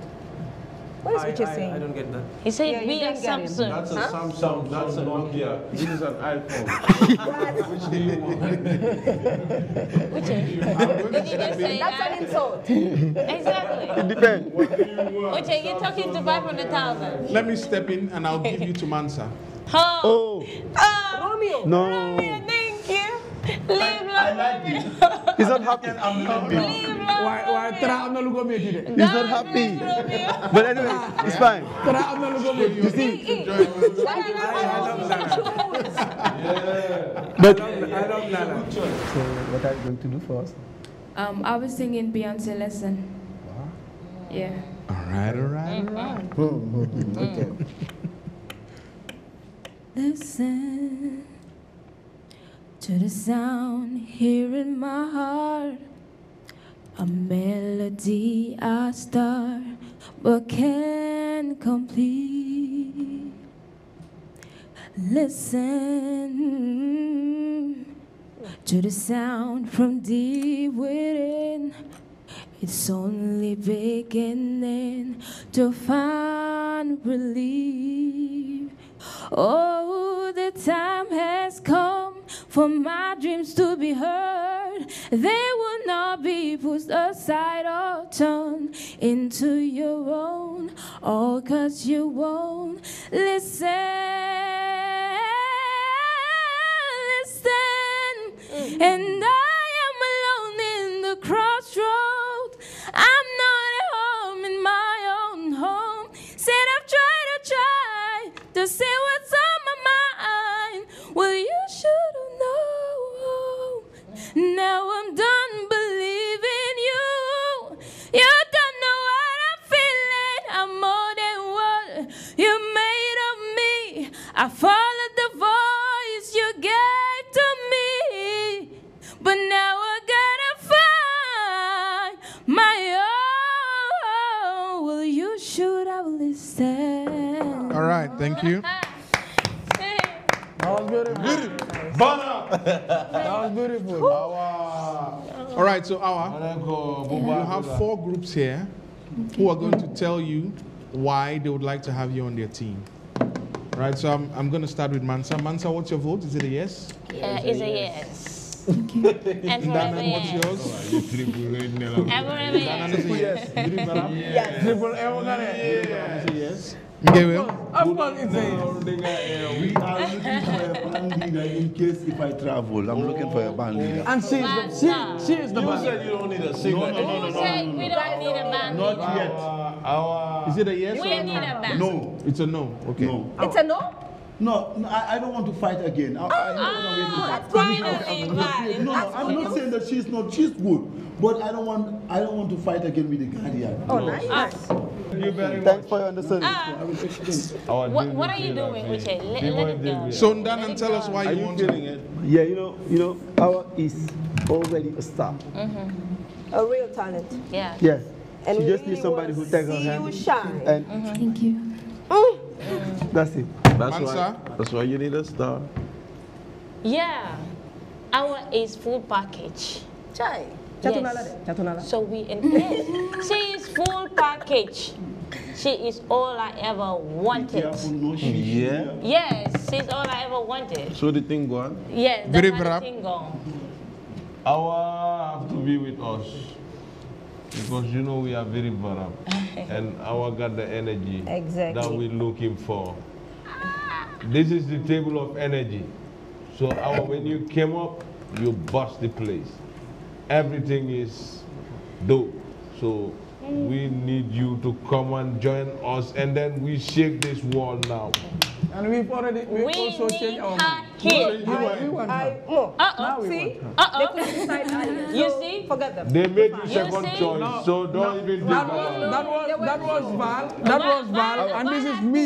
What is Richie saying? I don't get that. He said yeah, we are Samsung. That's a Samsung. That's a Nokia. this is an iPhone. <laughs> <laughs> Which do you want? Which? Say, that's an insult. exactly. It depends. What do you want? Uche, you're talking to 500,000. Let me step in and I'll give you to Mansa. Oh. oh. oh. Romeo. No. Romeo, Leave Love <laughs> He's not happy. I'm not Leave Love He's not happy. but anyway, it's fine. you see. but I love Nana. So what are you going to do for us? Um, I was singing Beyonce lesson. Wow. Yeah. All right, all right, all right. Mm-hmm. <laughs> okay. Listen. Mm-hmm to the sound here in my heart, a melody I start but can't complete. Listen to the sound from deep within. It's only beginning to find relief. Oh, the time has come for my dreams to be heard. They will not be pushed aside or turned into your own, all cause you won't listen. Listen, mm. and I am alone in the crossroad. I'm not to say what's on my mind. Well, you should have known. Now I'm done believing you. You don't know what I'm feeling. I'm more than what you made of me. I followed the voice you gave to me, but now I gotta find my own. Well, you should have listened. All right, thank you. That was beautiful. beautiful. that was beautiful. All right, so Awa, you have four groups here who are going to tell you why they would like to have you on their team. All right, so I'm, I'm going to start with Mansa. Mansa, what's your vote? Is it a yes? Yeah, it's a yes. Okay. and Danan, what's yours? Everyone, yes. Yes. <laughs> Triple L, yes. Okay, well. Of course We are looking for a band leader in case if I travel. I'm looking for a band leader. And she is the, she, she is the you band You said you don't need a singer. No, no, no, no, no, said we don't need a band leader? Not yet. Our, is it a yes we or a no? We need a band. No. It's a no. Okay. No. It's a no? No, no I, I, don't want to fight again. I, oh, I oh, finally, I'm, I'm, no, no, I'm not saying that she's not. She's good, but I don't want. I don't want to fight again with the guardian. Oh, no. nice. Ah. You very Thanks for your understanding. Uh, what, what are you doing, Uche? Let, let it go. So, Ndan, tell us why are you want feeling it. Yeah, you know, you know, our is already a star. Mm -hmm. A real talent. Yeah. Yes. And she just really needs somebody who takes her hand. See you shine. And mm -hmm. Thank you. Mm. That's it. That's why. That's why you need a star. Yeah, our is full package. Chai. Yes. So we invest. she is full package. She is all I ever wanted. Yeah. Yes, she's all I ever wanted. So the thing gone. Yes, Very the thing gone. Our have to be with us because you know we are very vulnerable <laughs> and our got the energy exactly. that we're looking for. This is the table of energy. So our, when you came up, you bust the place. Everything is dope. So we need you to come and join us, and then we shake this wall now. And we've already, we've we also changed our mind. You, I, oh. Oh, you want I, Uh -oh. see? Uh -oh. They You see? Forget them. They made you second see? choice, no. so don't no. even do that. Was, that was, that was Val, that was Val, and this is me.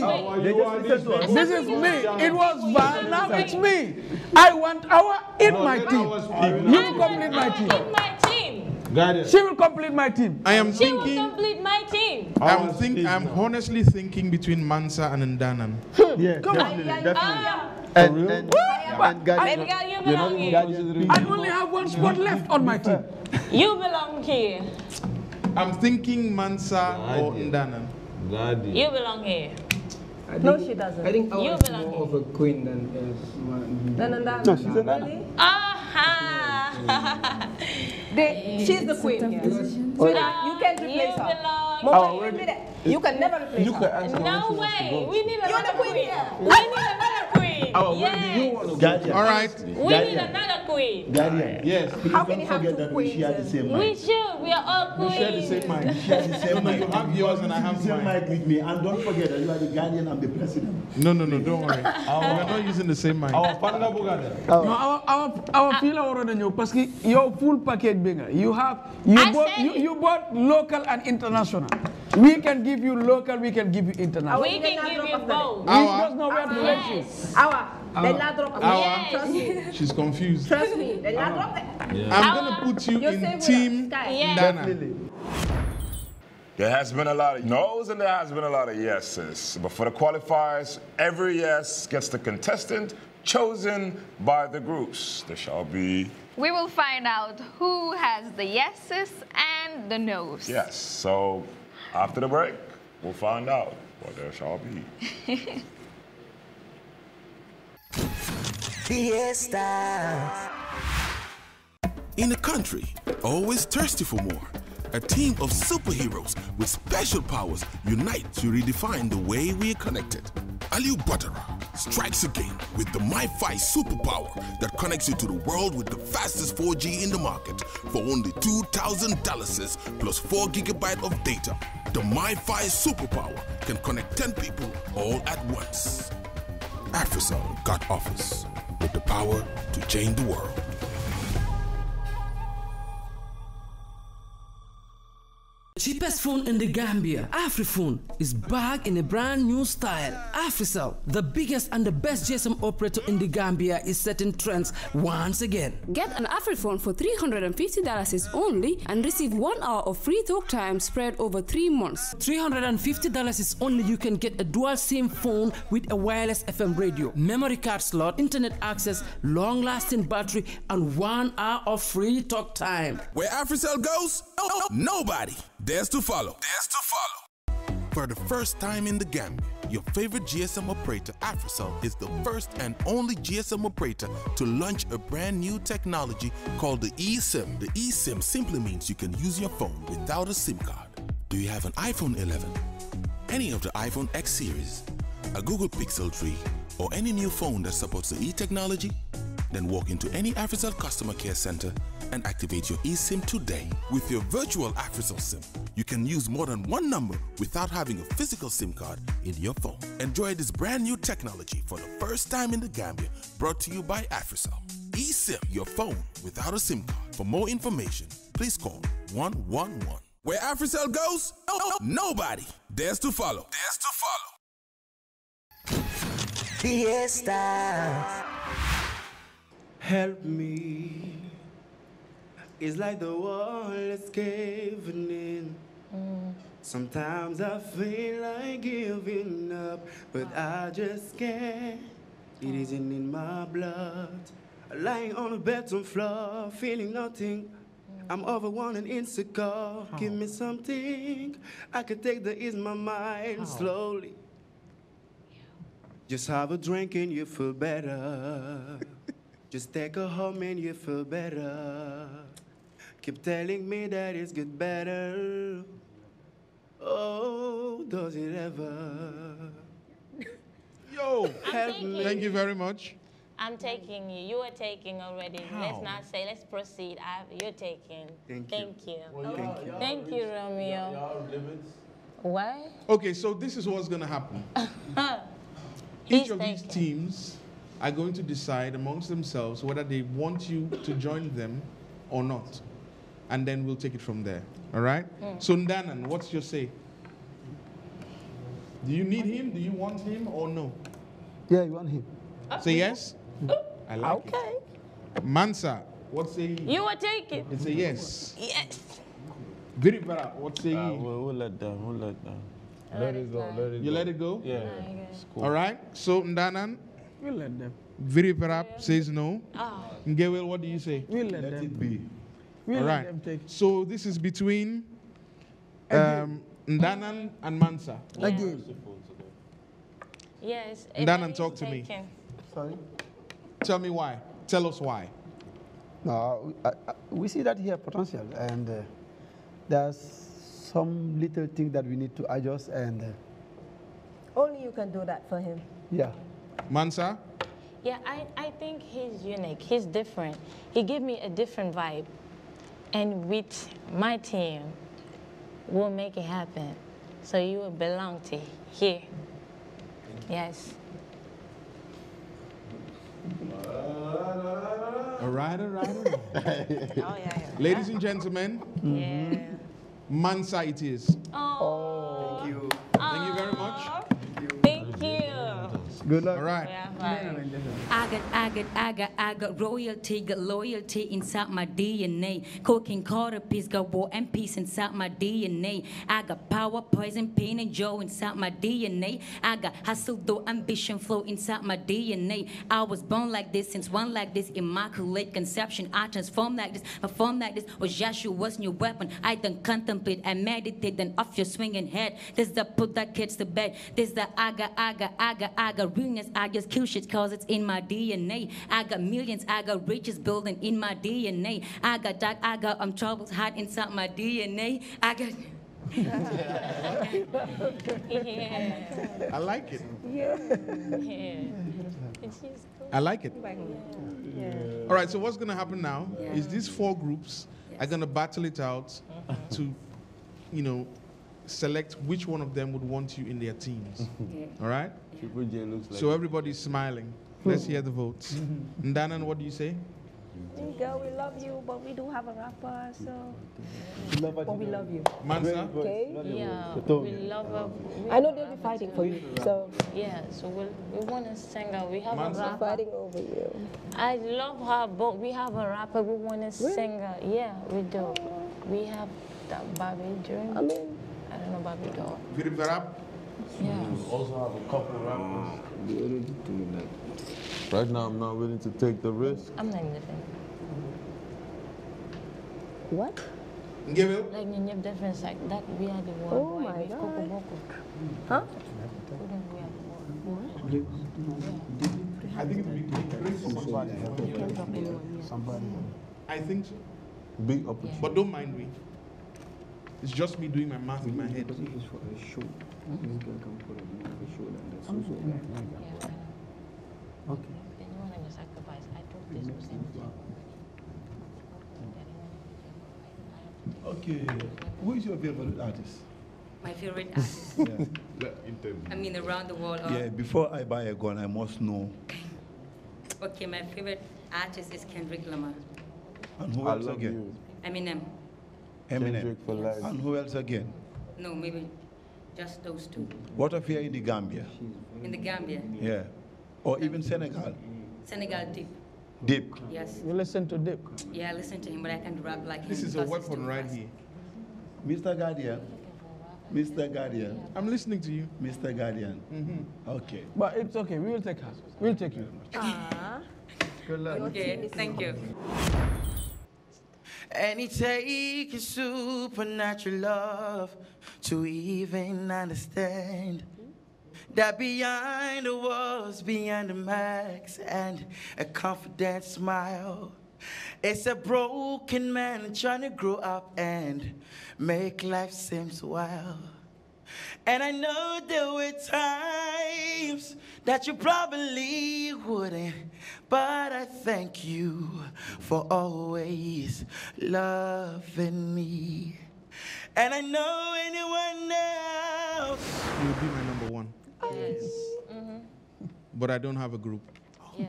This is me. It was Val, now it's me. I want our in my team. You complete my team. Guidance. She will complete my team. I am she thinking. She will complete my team. I'm think. I'm now. honestly thinking between Mansa and Ndanan. Hmm. yeah, Come definitely, on. definitely. Ah. And, and, and, and guardian, I, you're not I only have one spot left on my team. you belong here. I'm thinking Mansa guardian. or Ndanan. Guardian. You belong here. I no, she doesn't. I think I was more here. of a queen than a man. No, no, no. No, she's a nanny. Really? Aha! <laughs> They, she's the queen here. So you can't replace her. Mama, you, oh, you can never replace you her. Can no way. We need another queen. queen. We need another queen. Our yes. do you want to Guardian. go? All right. We Guardian. need another queen. Guardian. Yes. Please can don't forget that queens? we share the same mic. We should. We are all queens. We share the same mic. We share the same mic. You have yours and I have mine. the same mic with me. And don't forget that you are the guardian and the president. No, no, no. Don't worry. <laughs> we're not using the same mic. Our partner Bugada. Oh. No, our our our fila oro na nyo. Paski your full package benga. You have you bought you, you bought local and international. We can give you local, we can give you international. We, we can, give you both. We just know where to Our. Our. She's confused. Trust me. They not yeah. I'm going to put you you in team yeah. There has been a lot of no's and there has been a lot of yeses. But for the qualifiers, every yes gets the contestant chosen by the groups. There shall be. We will find out who has the yeses and the no's. Yes. So after the break, we'll find out what there shall be. <laughs> Fiesta. In the country, always thirsty for more a team of superheroes with special powers unite to redefine the way we're connected. Aliu Butera strikes again with the MiFi superpower that connects you to the world with the fastest 4G in the market for only $2,000 plus 4 gigabyte of data. The MiFi superpower can connect 10 people all at once. AfriCell got office with the power to change the world. Cheapest phone in the Gambia, Afriphone is back in a brand new style. Africell, the biggest and the best GSM operator in the Gambia, is setting trends once again. Get an Afriphone for $350 only and receive one hour of free talk time spread over three months. $350 is only you can get a dual SIM phone with a wireless FM radio, memory card slot, internet access, long lasting battery, and one hour of free talk time. Where Africell goes, oh, oh, nobody. There's to follow. There's to follow. For the first time in the Gambia, your favorite GSM operator, AfriCell, is the first and only GSM operator to launch a brand new technology called the eSIM. The eSIM simply means you can use your phone without a SIM card. Do you have an iPhone 11? Any of the iPhone X series? A Google Pixel 3? Or any new phone that supports the e-technology? Then walk into any AfriCell customer care center and activate your eSIM today. With your virtual AfriCell SIM, you can use more than one number without having a physical SIM card in your phone. Enjoy this brand new technology for the first time in the Gambia, brought to you by AfriCell. eSIM, your phone without a SIM card. For more information, please call 111. Where AfriCell goes, oh, oh, nobody dares to follow. Dares to follow. Fiesta. Help me it's like the wall is caving in. Mm. Sometimes I feel like giving up, but ah. I just can't. It isn't in my blood. Lying on the bedroom floor, feeling nothing. Mm. I'm overwhelmed and insecure. Oh. Give me something I can take that is my mind oh. slowly. Just have a drink and you feel better. <laughs> Just take a home and you feel better. Keep telling me that it's good better. Oh, does it ever? <laughs> Yo, help me. Thank you very much. I'm taking you. You are taking already. How? Let's not say. Let's proceed. I, you're taking. Thank, Thank you. you. Well, Thank you. you. Thank you, Romeo. Why? Okay, so this is what's going to happen. <laughs> Each of these teams are going to decide amongst themselves whether they want you to join them or not and then we'll take it from there. All right? Mm. So, Ndanan, what's your say? Do you need him? Do you want him or no? Yeah, you want him. Uh, say yes? I like okay. it. Mansa, what say you? You will take it. It's a yes. Yes. Viribara, what say uh, ah, you? We'll, we'll let them, we'll let them. Let, let, it go, let it you go. You let it go? Yeah. yeah. Cool. All right. So, Ndanan? We'll let them. Viripara yeah. says no. Oh. Ngewel, what do you say? We'll let, let them. it be right. So this is between um, Ndanan and Mansa. Yeah. Again. Yes. Ndanan, talk to me. Sorry? Tell me why. Tell us why. No, we see that here potential, and uh, there's some little thing that we need to adjust, and uh, only you can do that for him. Yeah. Mansa. Yeah, I, I think he's unique. He's different. He gave me a different vibe and with my team, we'll make it happen. So you will belong to here. Yes. All right, all right, <laughs> oh, yeah. Ladies and gentlemen, yeah. Mansa it is. Oh. Good luck. All right. Yeah, I got, I got, I got, I got royalty, got loyalty inside my DNA. Cooking quarter peace, got war and peace inside my DNA. I got power, poison, pain, and joy inside my DNA. I got hustle, though ambition, flow inside my DNA. I was born like this, since one like this, immaculate conception. I transform like this, perform like this. Was Joshua was new weapon. I done contemplate and meditate, then off your swinging head. This the put that kids to bed. This the aga, aga, aga, aga. I just kill shit cause it's in my DNA. I got millions, I got riches building in my DNA. I got dark, I got um, troubles hot inside my DNA. I got. yeah. <laughs> I like it. Yeah. I like it. Yeah. All right, so what's going to happen now yeah. is these four groups yes. are going to battle it out to, you know, select which one of them would want you in their teams. All right? Triple J looks like. So everybody's smiling. Let's hear the votes. <laughs> Mm-hmm. Danan, what do you say? girl, we love you, but we do have a rapper, so. But we love you. Mansa? Okay. Yeah, we love her. I know they'll be fighting for you, so. Yeah, so we'll, we want a singer. We have Mansa? a rapper. fighting over you. I love her, but we have a rapper. We want a really? Yeah, we do. We have that Barbie dream. I mean. I don't know Bobby doll. Grip the rap? Yeah. also have a couple rappers. Right now, I'm not willing to take the risk. am not la what. Give léegi Like you have different side. that we are the one. oh my God kooku I think big, I think so. Big opportunity. But don't mind me. It's just me doing my math in my head. it is hmm? for a show. Oh, okay. Okay. Who is your favorite artist? My favorite <laughs> artist. yeah. I mean, around the world. Yeah, before I buy a gun, I must know. okay, my favorite artist is Kendrick Lamar. And who I else again? You. Eminem. Eminem. Kendrick for life. And who else again? No, maybe just those two. What of here in the Gambia? In the Gambia? Yeah. Or even Senegal? Senegal deep. Deep? Yes. You listen to Deep? Yeah, I listen to him, but I can't rap like this him. This is a weapon right here. Mr. Guardian. Mr. Guardian. I'm listening to you. Mr. Guardian. Mm -hmm. Okay. But it's okay. We will take her. We'll take you. Ah. Good luck. Okay. Thank you. And he takes his supernatural love to even understand that behind the walls, behind the masks, and a confident smile. It's a broken man trying to grow up and make life seem wild. And I know there were times that you probably wouldn't, but I thank you for always loving me. And I know anyone else. You would be my number one. Yes. Mm -hmm. But I don't have a group. Yeah.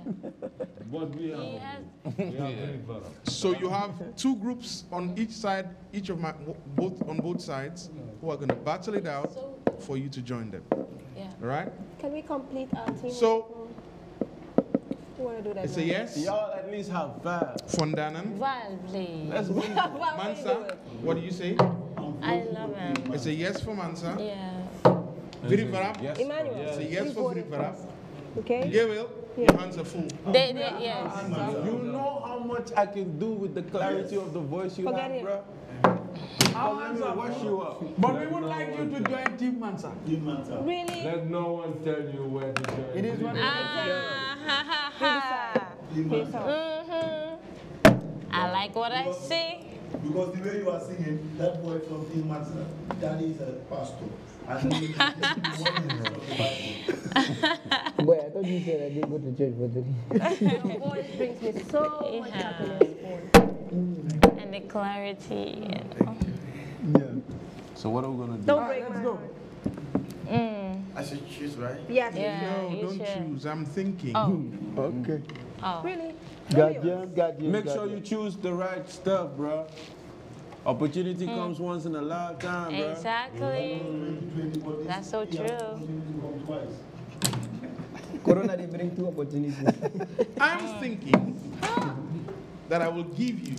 What <laughs> we have, we have yeah. So you have two groups on each side, each of my both on both sides, who are going to battle it out so, for you to join them. Yeah. All right. Can we complete our team? So. You want to do that it's now? a yes. Y'all at least have Val. Fondanan. Val, please. Let's move. <laughs> Mansa, what do you say? I love him. It's a yes for Mansa. Yeah. Viriparap. Yes. Emmanuel. Yes. It's a yes we for Viriparap. Okay. Gabriel. Yeah. Your hands are full. They, they, yes. You know how much I can do with the clarity yes. of the voice you Forget have, it. bro? How hands are wash you up. But we would no like you to join Team Mansa. Team Mansa. Really? Let no one tell you where to join. It is what ah, ha, ha, ha. Team Mansa. Mm-hmm. I like what because, I see. Because the way you are singing, that boy from Team Mansa, that is a pastor. Boy, <laughs> I thought you said I didn't go to church for three. voice <laughs> brings me so much yeah. happiness. And the clarity. yeah. So what are we gonna do? Don't break Let's go. Mm. I should choose, right? Yeah. Yeah, no, don't should. choose. I'm thinking. Oh. <laughs> Okay. Oh. Really? God, yeah, God, yeah, Make God, sure you choose the right stuff, bro. Opportunity mm. comes once in a lifetime, bro. Exactly. That's so true. Corona, they bring two opportunities. <laughs> I'm thinking that I will give you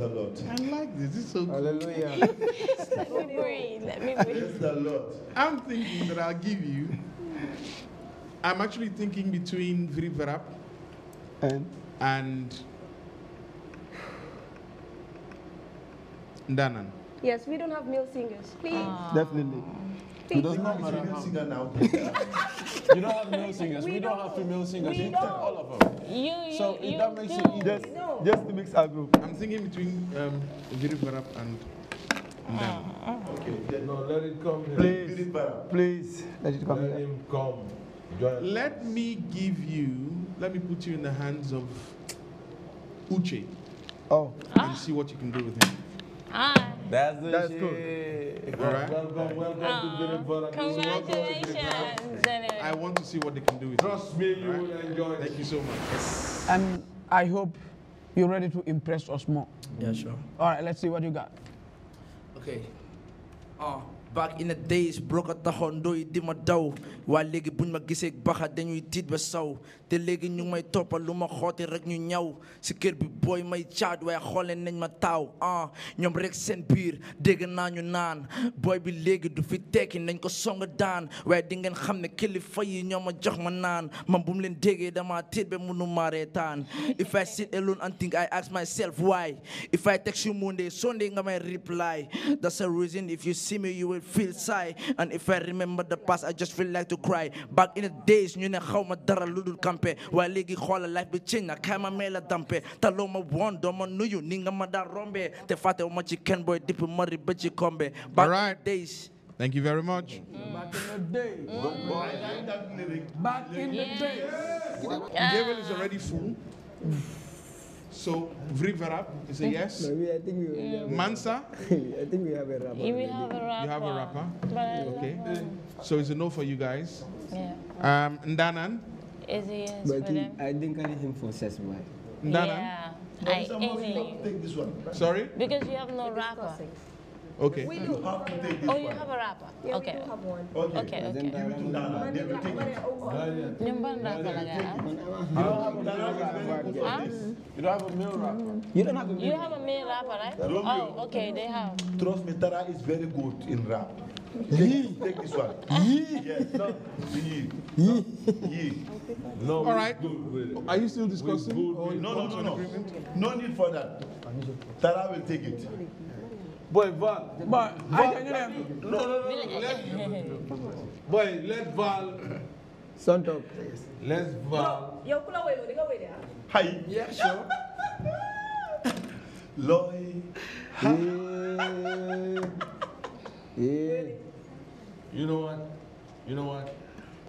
the Lord. I like this. It's so Hallelujah. good. Let me breathe. Let me breathe. Praise the Lord. I'm thinking that I'll give you. I'm actually thinking between Vrivarap and and Danan. Yes, we don't have male singers. Please. Aww. Definitely. It does not have Female singer now. <laughs> you don't have male singers. We, we don't, don't, have female singers. You have all of them. You, you, so if you that makes do. it just, no. just to mix our group. I'm thinking between um, Giri Barab and. and uh, ah, ah. okay. okay. No, let it come. Please, please, let it come. Let here. him come. Join let us. me give you. Let me put you in the hands of Uche. Oh. And ah. see what you can do with him. Ah. That's the That's shit. Good. All right. Welcome, welcome Aww. to Vinny Congratulations, Vinny. I want to see what they can do with Trust me, you will enjoy Thank you so much. And I hope you're ready to impress us more. Yeah, sure. All right, let's see what you got. Okay. Oh. Back in the days, broke at the hondo, hindi While Walig bun magisig, baka you did my soul te ñu may rek ñu ñaw kër bi may nañ ma ah rek seen biir ñu naan bi du fi nañ ko song daan di ngeen kilifa yi jox ma naan man bu mu leen dama if I sit alone and think I ask myself why if I text you Monday Sunday nga may reply that's the reason if you see me you will feel sigh and if I remember the past I just feel like to cry back in the days ñu ne xaw ma dara lu kam dampe waligi khola life bichina kama mela dampe taloma ninga mada rombe te fate o machi ken boy mari bichi kombe back All right. days Thank you very much. Mm. Back in the day. Mm. Back in the day. Yeah. Gabriel is already full. So Vrivarap is a yes. Maybe I think we yeah. Mansa? <laughs> I think we have a rapper. We have a rapper. You have a rapper? okay. So it's a no for you guys. Yeah. Um, Ndanan? easy is but for he, them. I think I him for sesame. Nana? Yeah. I easy. Take this one. Sorry? Because you have no rapper. Okay. We do. Have to oh, you have a rapper. Yeah, okay. We have one. Okay. Okay. okay. Give it to Nana. They will take it. Nimbanda You don't have a male rapper. You don't have a male rapper. You have a male rapper, right? Oh, okay. They have. Trust me, Tara is very good in rap. Take this one. Yes. No. Yee. No. All right. Are you still discussing? No, no, no, no. No need for that. Tara will take it. Boy, Val. But I can No, no, no. Let, <laughs> boy, let Val. Sound up. Let's Val. Yo, there. Hi. Yeah, sure. <laughs> Loy. Yeah. You know what? You know what?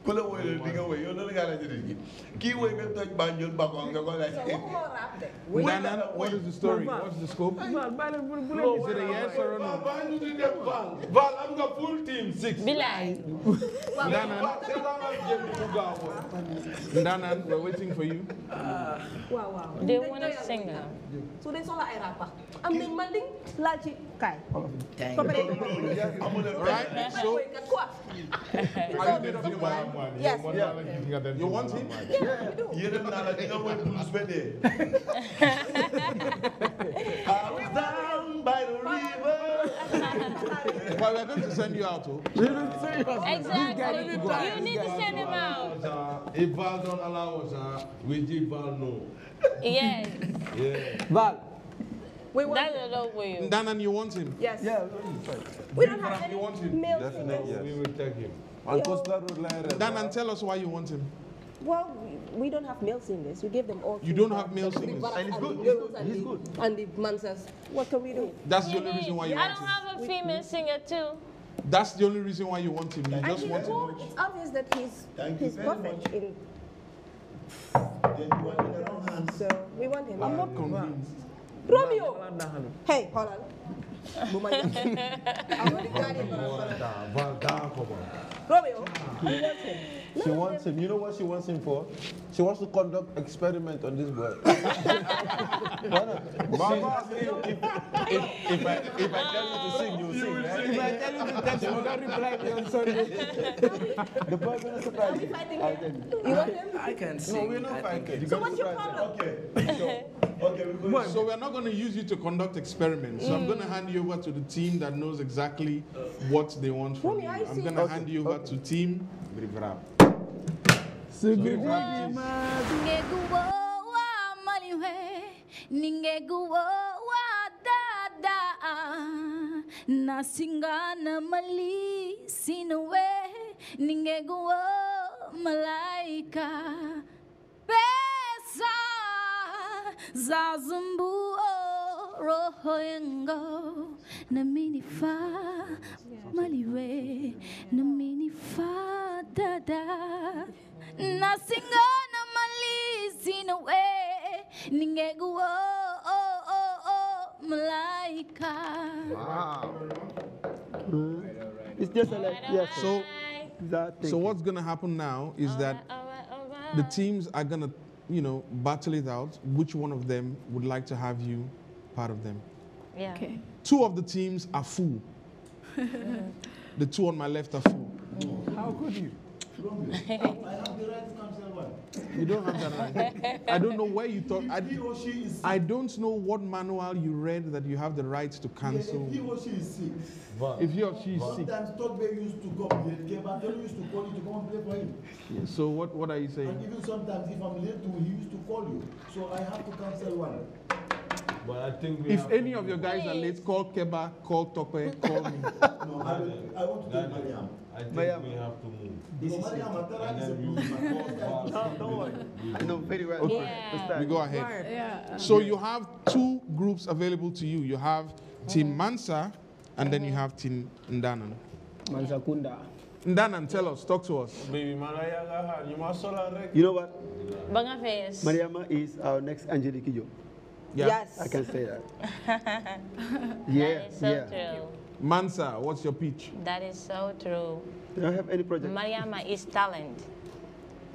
ku wóyal di nga wóy yow ñi wóy toj Banjul nga ko eh, what is the story what is the scope. bu bu yes or no. di def am nga full team six. we're waiting for you. Ah. they wanna sing. su ah. dee soxla ay rapa. am nañ man liñ laal ci one. Yes. You want yeah. Nala giving you want him? Yeah, yeah. do. You don't Nala, you know when Bruce Bede. I was down by the river. but we're going to send you out, oh. You you out. Exactly. You need to send him out. Uh, if Val don't allow us, uh, we give Val no. Yes. Yeah. Val. We want That's him. for you. Oh. Danan, you want him? Yes. Yeah. We don't have any You Definitely, yes. We will take him. Dan, and tell us why you want him. Well, we don't have male singers. We give them all. You don't have male singers. And good. He's good. And the man says, what can we do? That's the only reason why you want him. I don't have a female singer too. That's the only reason why you want him. You just want him. It's obvious that he's, he's perfect in so we want him. I'm not convinced. Romeo! Hey, Holland. <laughs> <laughs> Romeo. He <laughs> wants him. She no, wants him. You know what she wants him for? She wants to conduct experiment on this boy. <laughs> Mama, if, if, if, I, if I tell you to sing, you will sing. Will right? If I tell you to dance, you will not reply me on Sunday. <laughs> the boy will not surprise you. You want him? I can sing. No, we're not fighting. So what's your problem? Okay. So, Okay, we're so we're not going to use you to conduct experiments. Mm. So I'm mm. going to hand you over to the team that knows exactly what they want from Mommy, you. I'm going to okay. hand you over out to Team Brivrap. nasingana mali sinuwe ningeguo malaika pesa za zumbuo oh, rohoengo na minifa maliwe na minifa dada na singo na malizi na we ningeguo oh oh oh malaika wow it's just a like yes so that so what's going to happen now is that the teams are going to you know battle it out which one of them would like to have you part of them. Yeah. Okay. Two of the teams are full. <laughs> the two on my left are full. Mm. How could you? <laughs> you don't have that right. I don't know where you thought. I, I don't know what manual you read that you have the right to cancel. Yeah, if he or she is sick, if he or she is sick. Sometimes Togbe used to come, he used to call you to come and play for him. Yeah, so what, what are you saying? And even sometimes if I'm late to, he used to call you. So I have to cancel one. But I think if any of your guys are late, call Keba, call Tope, call me. <laughs> no, I, I want to take Mariam. I think Mariam. we have to move. This is Mariam, Matara is a blue. No, don't worry. I know very well. Okay. Yeah. We go ahead. Yeah. So you have two groups available to you. You have Team Mansa, and then you have Team Ndanan. Mansa Kunda. Ndanan, tell us, talk to us. Baby Mariama, you must You know what? Bangafes. Mariama is our next Angelique Kijo. Yeah, yes. I can say that. <laughs> yeah, that is so yeah. true. Mansa, what's your pitch? That is so true. Do I have any project? Mariama is talent.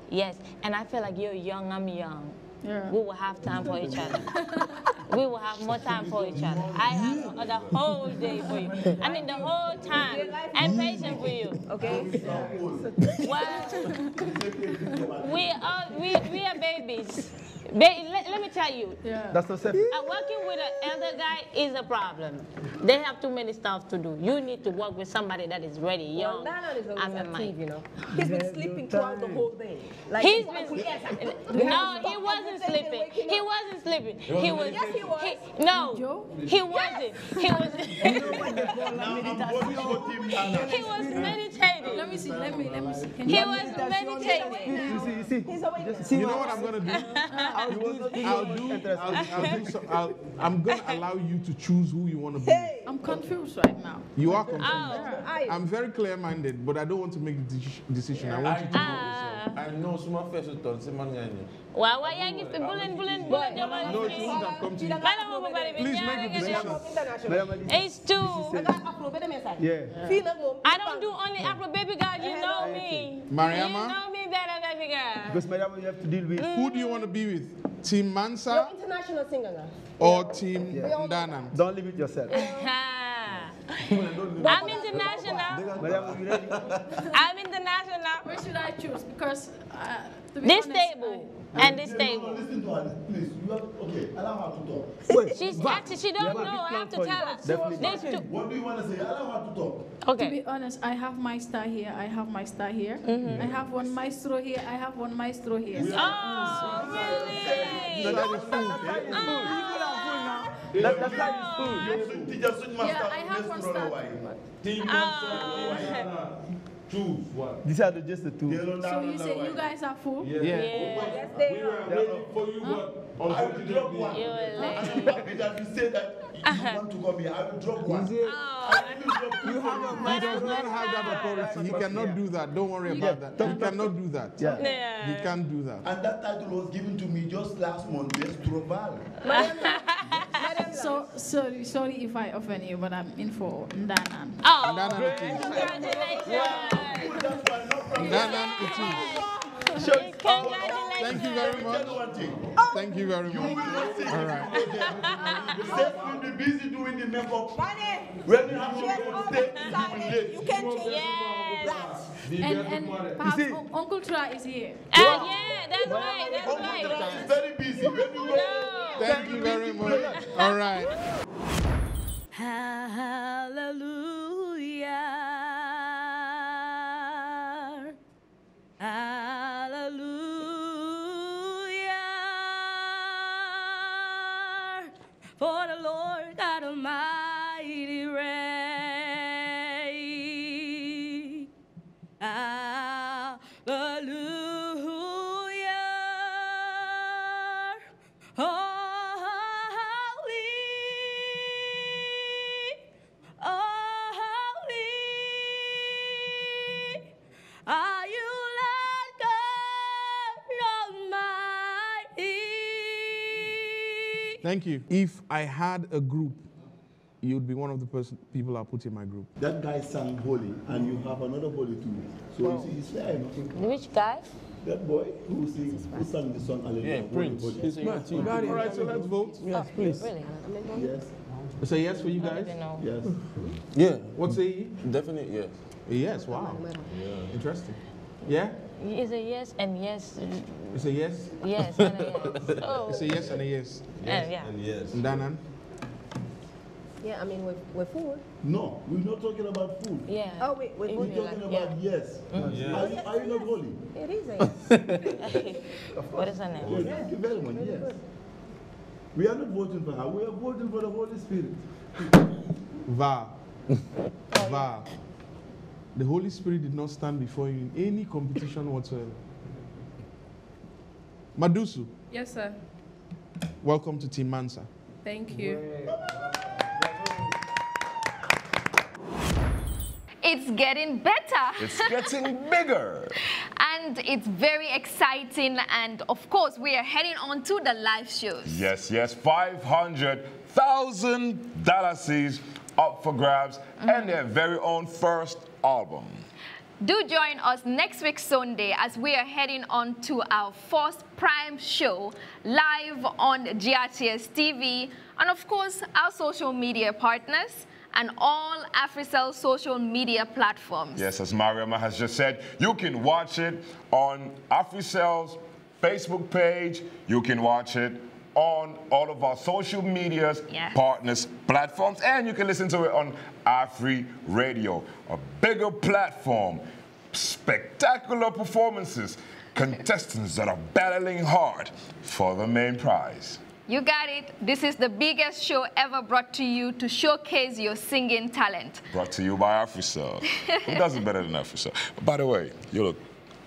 Yes, and I feel like you're young, I'm young. Yeah. We will have time for each other. we will have more time for each other. I have the whole day for you. I mean, the whole time. I'm patient for you. Okay. well, we are we, we are babies. They, let, let, me tell you. Yeah. That's not safe. Uh, working with an elder guy is a problem. They have too many stuff to do. You need to work with somebody that is ready, young. Well, Lionel is always active, mind. you know. He's been sleeping throughout the whole day. Like, he's been sleeping. No, he wasn't sleeping. He wasn't sleeping. He, was. Yes, he was. He, no, he wasn't. Yes. He was. he was <laughs> meditating. Let me see. Let me. Let me see. He was meditating. You see, you see. You know what I'm gonna do. <laughs> I'll, do, I'll, do, I'll, do, so, I'll I'm going <laughs> to allow you to choose who you want to be. Hey. I'm confused right now. You are confused. Oh. I'm very clear-minded, but I don't want to make the decision. Yeah. I want I you to ah. know. yourself. I know. to waaw waaw yaa ngi fi bu leen bu leen bu leen demal maanaam moom bu bëri bi ñaari ngeen yokk it's two I don't do only Afro baby girl you know me Mariama you know me better baby girl because Mariama you have to deal with who do you want to be with Team Mansa You're international singer or Team Ndana don't leave it yourself <laughs> uh-huh. I'm international. I'm international. Where should I choose? Because uh, be this honest, table. I and this thing. Listen to her, please. You have, okay, allow her to talk. Wait, She's but, actually, she don't know. I have to tell her. What do you want to say? Allow her to talk. Okay. To be honest, I have my star here. I have my star here. Mm -hmm. I have one maestro here. I have one maestro here. Oh, really? Ah. That is that's Yeah, I have one star. Oh. Two. one. These are the, just the two. so you say you guys are full? Yeah. yeah. Yes, we were waiting for you, huh? but I will drop one. You were late. I'm happy that you say that you want to come here. I will drop one. Oh, you have he does not have that authority. He cannot do that. Don't worry you about that. He cannot do that. Yeah. yeah. He can't do that. And that title was given to me just last month. It's Troval. <laughs> <laughs> So, sorry, sorry if I offend you, but I'm in for Ndana. Oh, Ndana okay. congratulations. Ndana Kuti. Congratulations. Thank you very much. Oh. Thank you very much. You will not see All right. Steph will be busy doing the makeup. Money. When you have your own stage, you can change. Yes. That. And, and perhaps see, Uncle Tra is here. Uh, yeah, that's right. That's right. Uncle Tra is very busy. When you go, Thank you very much. All right. <laughs> Hallelujah. Thank you. If I had a group, you'd be one of the person, people I put in my group. That guy sang holy, and you have another holy too. So Which guy? That boy who, sings, who sang the song Alleluia. Yeah, Prince. Holy, holy. He's Prince. All right, so let's vote. Yes, please. Really? Yes. So yes for you guys? Yes. Yeah. What's a Definitely yes. Yes, wow. Yeah. Interesting. Yeah? It's a yes and yes. It's a yes? Yes and a yes. <laughs> Oh. It's a yes and a yes. yes uh, yeah. And yes. Danan? Yeah, I mean, we're, we're full. No, we're not talking about food. Yeah. Oh, we, we're, we're talking like, about yeah. yes. Mm. Mm-hmm. yes. Are, you, are you not holy? It is a <laughs> yes. what is her name? Yeah, Thank you very much, yes. We are not voting for her. We are voting for the Holy Spirit. <laughs> Va. Oh, Va the Holy Spirit did not stand before you in any competition whatsoever. Madusu. Yes, sir. Welcome to Team Mansa. Thank you. It's getting better. It's getting bigger. <laughs> and it's very exciting. And of course, we are heading on to the live shows. Yes, yes. 500,000 Dallases up for grabs mm -hmm. and mm-hmm. their very own first album. Do join us next week Sunday as we are heading on to our first prime show live on GRTS TV and of course our social media partners and all AfriCell social media platforms. Yes, as Mariama has just said, you can watch it on AfriCell's Facebook page. You can watch it on all of our social medias, yes. partners, platforms, and you can listen to it on iFree Radio, a bigger platform, spectacular performances, contestants that are battling hard for the main prize. You got it. This is the biggest show ever brought to you to showcase your singing talent. Brought to you by Africell. <laughs> Who does it better than Africell? By the way, you look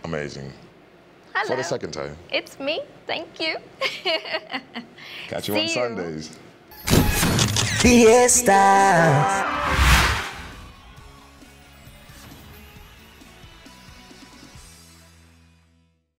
amazing. Hello. For the second time. It's me. Thank you. Catch <laughs> you See on Sundays. Fiesta.